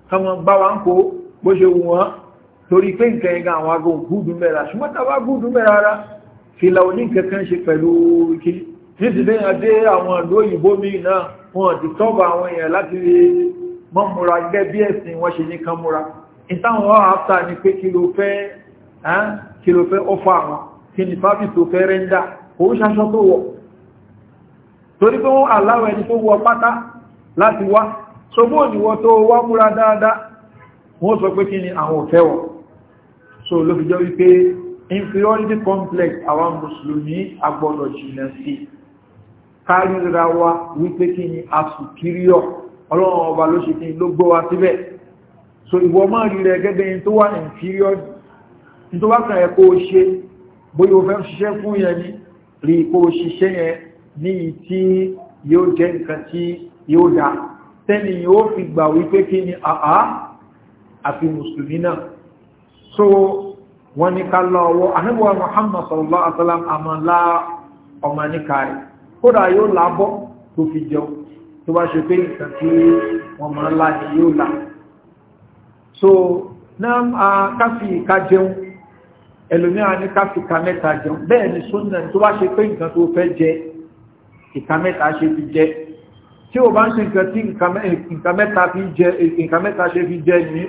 kọ́mọ bá wa ń kó bó ṣe wù wọ́n torí pé nǹkan ẹ̀gá àwọn agbóhùn gúdù mẹ́ra ṣùgbọ́n tàbá gúdù mẹ́ra rárá fìlà òní kankan ṣe pẹ̀lú ìkí nítorí adé àwọn ìlú òyìnbó míì náà wọn ti tọ́ba àwọn èèyàn láti mọ́ múra gẹ́ bí ẹ̀sìn wọ́n ṣe ní kan múra ìtàwọn àáfà ni pé kí ló fẹ́ ọfà àwọn kí ni fábí tó fẹ́ rẹ́ńdà kò ṣaṣọ tó wọ̀ torí pé wọ́n aláwọ̀ ẹni tó wọ pátá láti wá ṣogbó òníwọ́ tó wá múra dáadáa wọ́n sọ pé kí ni àwọn òfẹ́ wọ̀ so lo fi jọ wípé inferiority complex àwọn mùsùlùmí agbọ́dọ̀ jìnà sí kárí ra wa wípé kí ni a superior ọlọ́run ọba ló ṣe kí ló gbọ́ wa síbẹ̀ so ìwọ máa rí rẹ gẹ́gẹ́ tó wà inferior tó bá kàn ẹ kó o ṣe bóyá o fẹ́ ṣiṣẹ́ fún yẹn ni àfi mùsùlùmí náà so wọ́n ní ká lọ ọwọ́ anábíwá muhammad sallallahu alaihi wa sallam àmọ́ lá ọmọ níka rẹ̀ kódà yóò lábọ́ tó fi jẹun tó bá ṣe pé nǹkan tí wọ́n máa ń lá ni yóò là so náà káfí ìka jẹun ẹlòmíràn ní káfí ìka mẹ́ta jẹun bẹ́ẹ̀ ni sunna tó bá ṣe pé nǹkan tó fẹ́ jẹ ìka mẹ́ta ṣe fi jẹ tí o bá ń ṣe nǹkan tí nǹkan mẹ́ta ṣe fi jẹ ní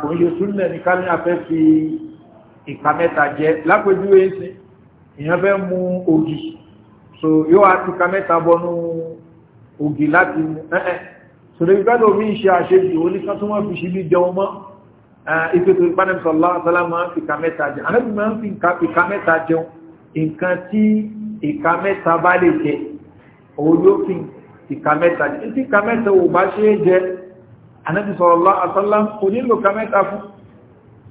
kò ń ṣe súnlẹ̀ ní ká ní afẹ́ fi ìka mẹ́ta jẹ lápẹjú èsì èèyàn fẹ́ mu ògì so yóò wá ti ka mẹ́ta bọnú ògì láti mu ẹ́ẹ̀ sọ̀rọ̀ ìgbádùn mi ṣe àṣejù oníkan tó máa fi ṣíbí jẹun mọ́ ìpètò ìpánẹ́sọ̀lá ọ̀sọ́lá máa ń fi ka mẹ́ta jẹun àlẹ́bí máa ń fi ìka mẹ́ta jẹun nǹkan anábi sallallahu alaihi wasallam kò nílò ká mẹ́ta fún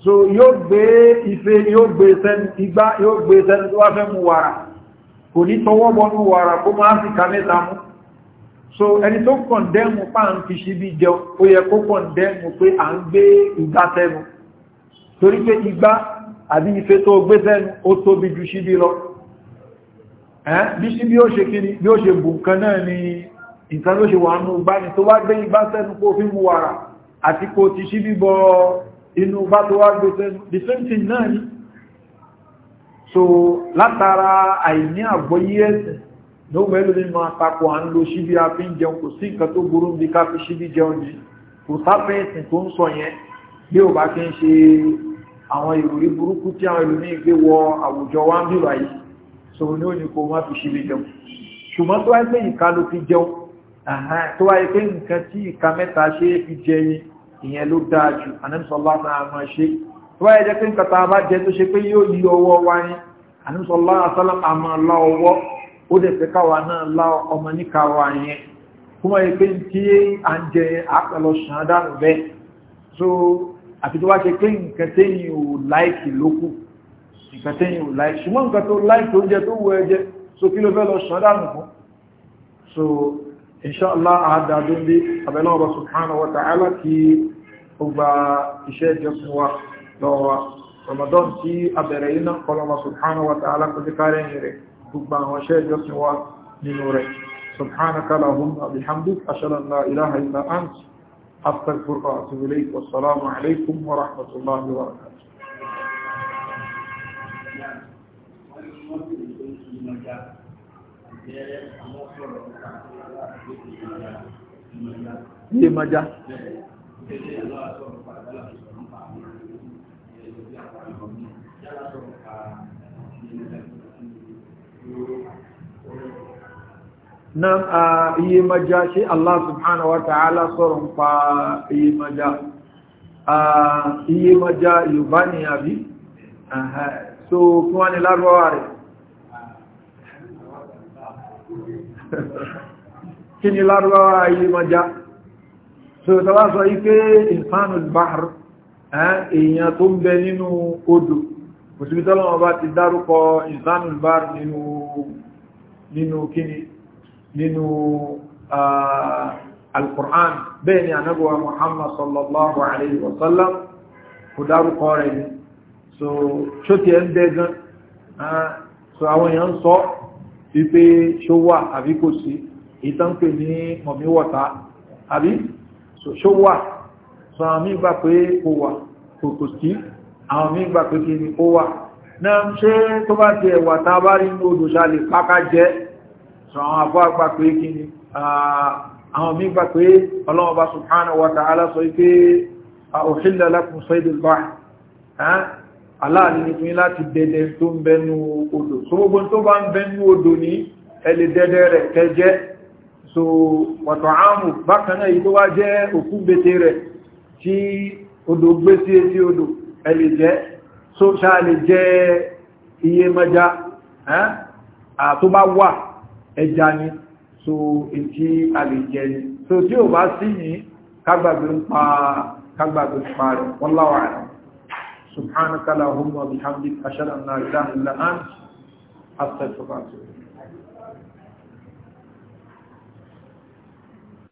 so yóò gbé ife yóò gbé sẹ́nu igbá yóò gbé sẹ́nu tó wá fẹ́ mú wàrà kò ní tọwọ́ bọnú wàrà kó máa fi ká mẹ́ta mú so ẹni tó kọ̀ndẹ́mù pa ń fi ṣe bí jẹun ó yẹ kó kọ̀ndẹ́mù pé à ń gbé igbá sẹ́nu torí pé igbá àbí ife tó gbé sẹ́nu ó tóbi ju ṣíbí lọ bí ṣíbí ó ṣe kí bí ó ṣe bù nǹkan náà ni nǹkan ló ṣe wà nù bá ní tó wá gbé ibá sẹ́nu kó fi mú wàrà àti kò ti ṣí bíbọ inú bá tó wá gbé sẹ́nu the same thing náà ni so látara àìní àgbọ́yé ẹ̀sẹ̀ ló mẹ́lú ní máa à ń lo ṣíbí a fi ń jẹun kò sí nǹkan tó burú bí ká fi ṣíbí jẹun ni kò sáfẹ́ ẹ̀sìn tó ń sọ yẹn bí ò bá kí ń ṣe àwọn ìròrí burúkú tí àwọn ìlú ní ìgbé wọ àwùjọ wa ń bìrà yìí so ní òní kò má fi ṣíbí jẹun ṣùgbọ́n tó wáyé pé ìka ló jẹun tó wáyé pé nǹkan tí ìka mẹ́ta ṣe fi jẹ ìyẹn ló dáa jù àníṣọ́lá náà máa ṣe tó wáyé jẹ́ pé nǹkan tá a bá jẹ tó ṣe pé yóò yí ọwọ́ wa so àti tó wá ṣe pé nǹkan tẹ́yìn ò láìkì lókù nǹkan tẹ́yìn ò láìkì ṣùgbọ́n nǹkan tó láìkì oúnjẹ tó wù ẹ so kí ló fẹ́ lọ ṣàn dànù so إن شاء الله أعدى دولي أبي الله سبحانه وتعالى كي أبا إشي جسوة لو رمضان كي أبي رينا قال الله سبحانه وتعالى كي كارين يري أبا إشي جسوة نوري سبحانك اللهم بحمدك أشهد أن لا إله إلا أنت أستغفرك وأتوب إليك والسلام عليكم ورحمة الله وبركاته Yeah, I'm also a little Iye mọ́já. Na iye mọ́já ṣe Allah subhanahu wa ta'ala sọ̀rọ̀ ń pa iye mọ́já. Iye mọ́já Yorùbá ni àbí? So, fún wá ní lárọ́wà rẹ̀. kí ni lárúbáwá ayé mọ́já so tọ́wá sọ ipé ìfánù bahar èèyàn tó ń bẹ nínú odò òsìbítọ́lọ́wọ́ bá ti dárúkọ ìfánù bahar nínú kíni nínú alkùrán bẹ́ẹ̀ ni anábọ̀wà muhammad sallallahu alaihi wasallam kò dárúkọ rẹ̀ ni so ṣóti ẹ̀ so àwọn èèyàn sọ wípé ṣó wà sí ìtànkè ní mọ̀mí wọ́ta àbí ṣó wà sọ àwọn mí gbà pé ó wà kòkò sí àwọn mí gbà pé kí ni ó wà náà ṣe tó bá ti ẹ̀wà ta bá rí ní odòṣà lè pákà jẹ́ sọ àwọn àbọ́ àgbà pé kí ni àwọn mí gbà pé ọlọ́wọ́ bá subhanahu wa ta'ala sọ pé òhìlẹ̀ lákùn sọ́ìdìl bá aláàrin ní láti dẹ̀dẹ̀ tó ń bẹnu odò so gbogbo tó bá ń bẹnu odò ní ẹlẹ́dẹ̀dẹ̀ rẹ̀ kẹjẹ́ so wàtọ̀ áàmù bákanáà yìí tó wá jẹ́ òkú gbètè rẹ̀ tí odò gbé sí etí odò ẹlè jẹ́ so ṣáà lè jẹ́ iye mẹ́já tó bá wà ẹja ni so etí a lè jẹ ni so tí ò bá sí ní kágbàgbé ń pa kágbàgbé ń pa rẹ̀ wọ́n láwà rẹ̀ subhanakala humna bihamdik ashhadu an la ilaha illa